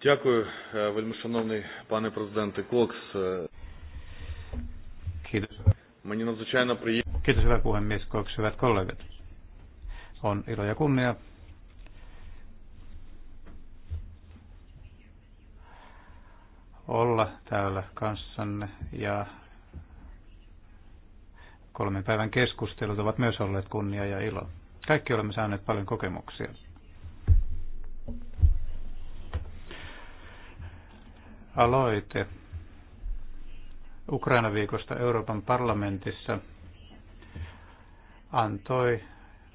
Дякую, вельмишановний пане президенте Кокс. Мені надзвичайно приємно. Kiitos hyvä puhemies, Koks, hyvät kollegat. On ilo ja kunnia olla täällä kanssanne ja kolmen päivän keskustelut ovat myös olleet kunnia ja ilo. Kaikki olemme saaneet paljon kokemuksia. Aloite Ukraina-viikosta Euroopan parlamentissa antoi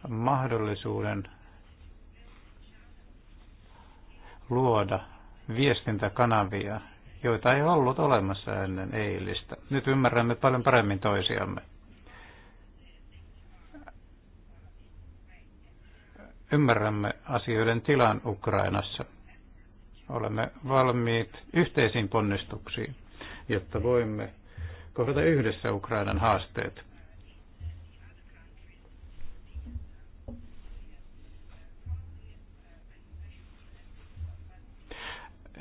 mahdollisuuden luoda viestintäkanavia, joita ei ollut olemassa ennen eilistä. Nyt ymmärrämme paljon paremmin toisiamme. Ymmärrämme asioiden tilan Ukrainassa. Olemme valmiit yhteisiin ponnistuksiin, jotta voimme kohdata yhdessä Ukrainan haasteet.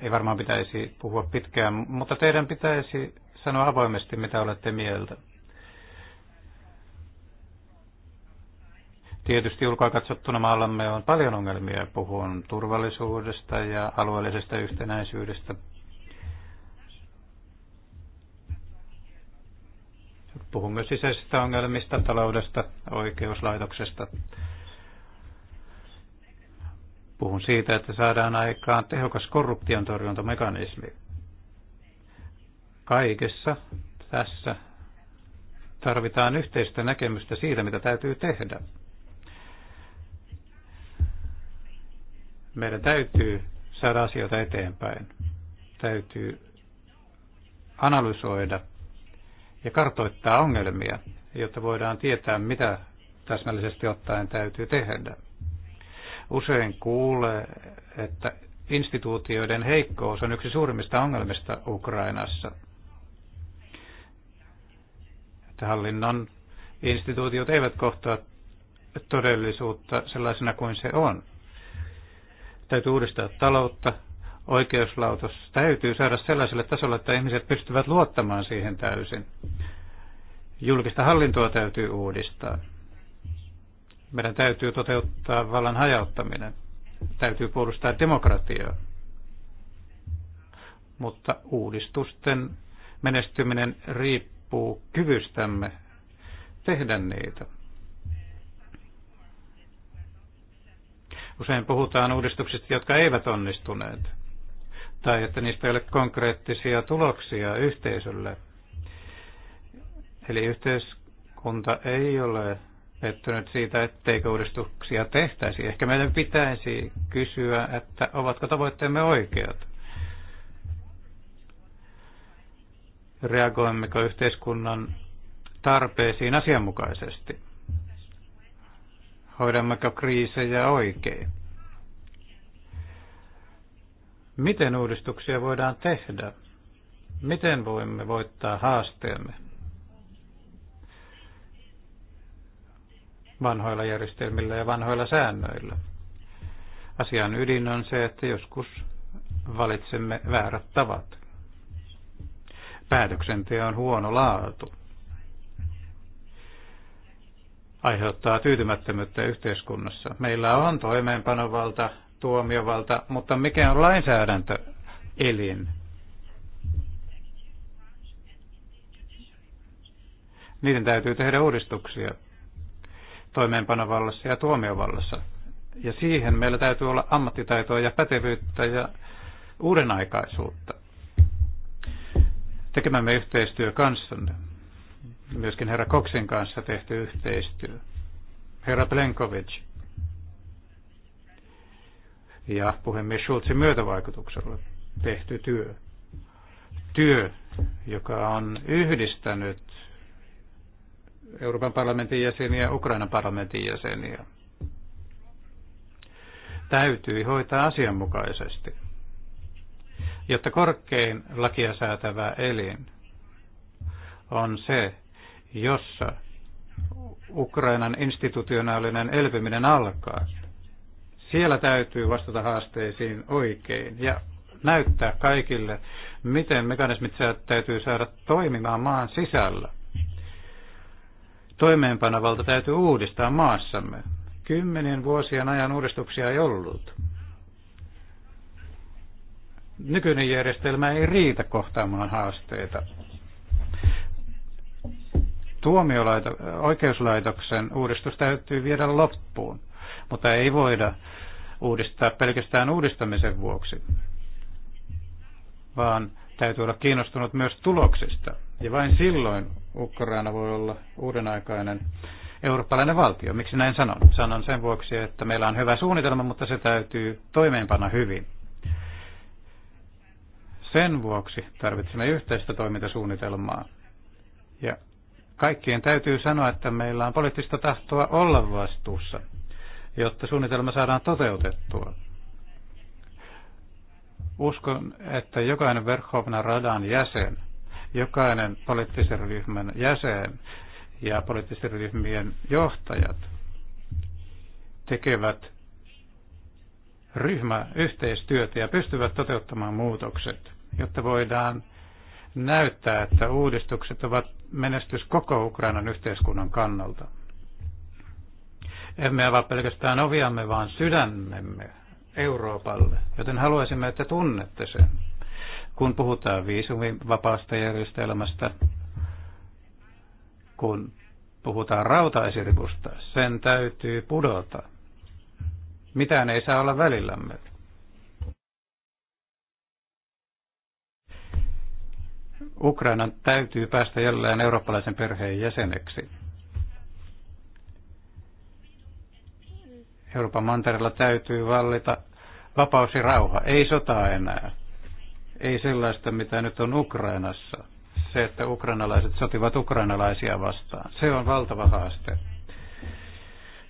ei varmaan pitäisi puhua pitkään, mutta teidän pitäisi sanoa avoimesti, mitä olette mieltä. Tietysti ulkoa katsottuna maallamme on paljon ongelmia. Puhun turvallisuudesta ja alueellisesta yhtenäisyydestä. Puhun myös sisäisistä ongelmista, taloudesta, oikeuslaitoksesta. Puhun siitä, että saadaan aikaan tehokas korruption torjuntamekanismi. Kaikessa tässä tarvitaan yhteistä näkemystä siitä, mitä täytyy tehdä. Meidän täytyy saada asioita eteenpäin. Täytyy analysoida ja kartoittaa ongelmia, jotta voidaan tietää, mitä täsmällisesti ottaen täytyy tehdä. Usein kuulee, että instituutioiden heikkous on yksi suurimmista ongelmista Ukrainassa. Että hallinnon instituutiot eivät kohtaa todellisuutta sellaisena kuin se on. Täytyy uudistaa taloutta, oikeuslautos täytyy saada sellaiselle tasolle, että ihmiset pystyvät luottamaan siihen täysin. Julkista hallintoa täytyy uudistaa. Meidän täytyy toteuttaa vallan hajauttaminen. Täytyy puolustaa demokratiaa. Mutta uudistusten menestyminen riippuu kyvystämme tehdä niitä. Usein puhutaan uudistuksista, jotka eivät onnistuneet, tai että niistä ei ole konkreettisia tuloksia yhteisölle. Eli yhteiskunta ei ole pettynyt siitä, etteikö uudistuksia tehtäisi. Ehkä meidän pitäisi kysyä, että ovatko tavoitteemme oikeat. Reagoimmeko yhteiskunnan tarpeisiin asianmukaisesti? Hoidammeko kriisejä oikein? Miten uudistuksia voidaan tehdä? Miten voimme voittaa haasteemme? vanhoilla järjestelmillä ja vanhoilla säännöillä. Asian ydin on se, että joskus valitsemme väärät tavat. Päätöksenteon huono laatu aiheuttaa tyytymättömyyttä yhteiskunnassa. Meillä on toimeenpanovalta, tuomiovalta, mutta mikä on lainsäädäntö elin? Niiden täytyy tehdä uudistuksia toimeenpanovallassa ja tuomiovallassa. Ja siihen meillä täytyy olla ammattitaitoa ja pätevyyttä ja uudenaikaisuutta tekemämme yhteistyö kanssanne. Myöskin herra Koksin kanssa tehty yhteistyö. Herra Plenkovic. Ja puhemies Schulzin myötävaikutuksella tehty työ. Työ, joka on yhdistänyt Euroopan parlamentin jäseniä ja Ukrainan parlamentin jäseniä. Täytyy hoitaa asianmukaisesti, jotta korkein lakia säätävä elin on se, jossa Ukrainan institutionaalinen elpyminen alkaa. Siellä täytyy vastata haasteisiin oikein ja näyttää kaikille, miten mekanismit täytyy saada toimimaan maan sisällä toimeenpanovalta täytyy uudistaa maassamme. Kymmenien vuosien ajan uudistuksia ei ollut. Nykyinen järjestelmä ei riitä kohtaamaan haasteita. Tuomiolaito- oikeuslaitoksen uudistus täytyy viedä loppuun, mutta ei voida uudistaa pelkästään uudistamisen vuoksi, vaan täytyy olla kiinnostunut myös tuloksista. Ja vain silloin Ukraina voi olla uuden aikainen eurooppalainen valtio. Miksi näin sanon? Sanon sen vuoksi, että meillä on hyvä suunnitelma, mutta se täytyy toimeenpanna hyvin. Sen vuoksi tarvitsemme yhteistä toimintasuunnitelmaa. Ja kaikkien täytyy sanoa, että meillä on poliittista tahtoa olla vastuussa, jotta suunnitelma saadaan toteutettua. Uskon, että jokainen Verkhovnan radan jäsen, jokainen poliittisen ryhmän jäsen ja poliittisen ryhmien johtajat tekevät ryhmäyhteistyötä ja pystyvät toteuttamaan muutokset, jotta voidaan näyttää, että uudistukset ovat menestys koko Ukrainan yhteiskunnan kannalta. Emme avaa pelkästään oviamme, vaan sydämemme Euroopalle, joten haluaisimme, että tunnette sen. Kun puhutaan viisumivapaasta järjestelmästä, kun puhutaan rautaesiripusta, sen täytyy pudota. Mitään ei saa olla välillämme. Ukrainan täytyy päästä jälleen eurooppalaisen perheen jäseneksi. Euroopan mantereella täytyy vallita vapaus ja rauha, ei sotaa enää. Ei sellaista, mitä nyt on Ukrainassa. Se, että ukrainalaiset sotivat ukrainalaisia vastaan. Se on valtava haaste.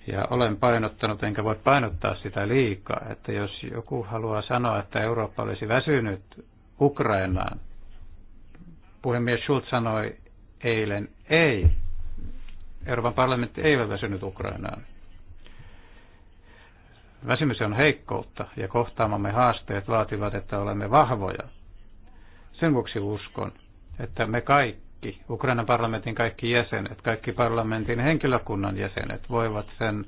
Ja olen painottanut, enkä voi painottaa sitä liikaa, että jos joku haluaa sanoa, että Eurooppa olisi väsynyt Ukrainaan, puhemies Schulz sanoi eilen, ei, Euroopan parlamentti ei ole väsynyt Ukrainaan. Väsymys on heikkoutta ja kohtaamamme haasteet vaativat, että olemme vahvoja. Sen vuoksi uskon, että me kaikki, Ukrainan parlamentin kaikki jäsenet, kaikki parlamentin henkilökunnan jäsenet voivat sen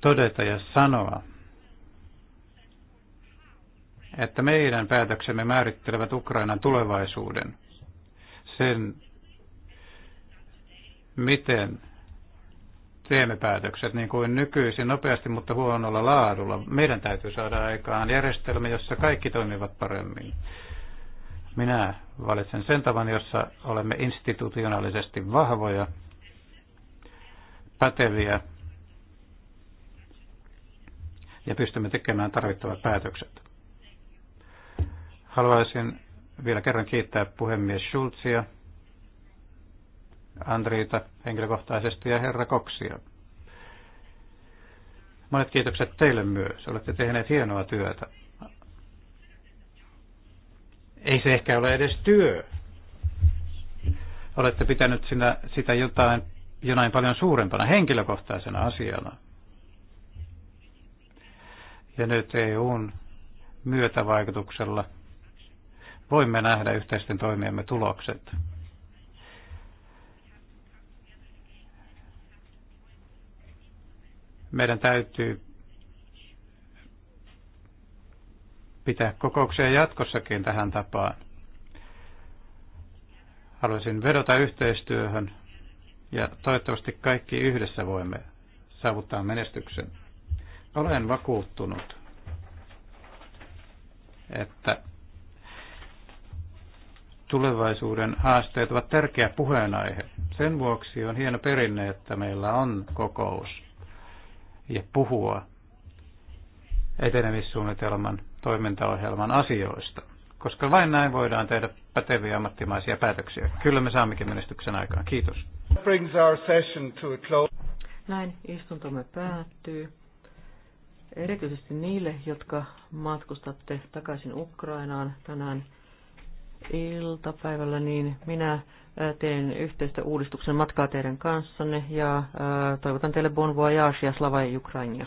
todeta ja sanoa, että meidän päätöksemme määrittelevät Ukrainan tulevaisuuden, sen miten teemme päätökset niin kuin nykyisin nopeasti, mutta huonolla laadulla. Meidän täytyy saada aikaan järjestelmä, jossa kaikki toimivat paremmin. Minä valitsen sen tavan, jossa olemme institutionaalisesti vahvoja, päteviä ja pystymme tekemään tarvittavat päätökset. Haluaisin vielä kerran kiittää puhemies Schulzia Andriita henkilökohtaisesti ja herra Koksia. Monet kiitokset teille myös. Olette tehneet hienoa työtä. Ei se ehkä ole edes työ. Olette pitänyt sinä, sitä jotain, jonain paljon suurempana henkilökohtaisena asiana. Ja nyt EUn myötävaikutuksella voimme nähdä yhteisten toimiemme tulokset. meidän täytyy pitää kokouksia jatkossakin tähän tapaan. Haluaisin vedota yhteistyöhön ja toivottavasti kaikki yhdessä voimme saavuttaa menestyksen. Olen vakuuttunut, että tulevaisuuden haasteet ovat tärkeä puheenaihe. Sen vuoksi on hieno perinne, että meillä on kokous – ja puhua etenemissuunnitelman toimintaohjelman asioista, koska vain näin voidaan tehdä päteviä ammattimaisia päätöksiä. Kyllä me saammekin menestyksen aikaan. Kiitos. Näin istuntomme päättyy. Erityisesti niille, jotka matkustatte takaisin Ukrainaan tänään iltapäivällä, niin minä teen yhteistä uudistuksen matkaa teidän kanssanne ja toivotan teille bon voyage ja slava Ukrainia.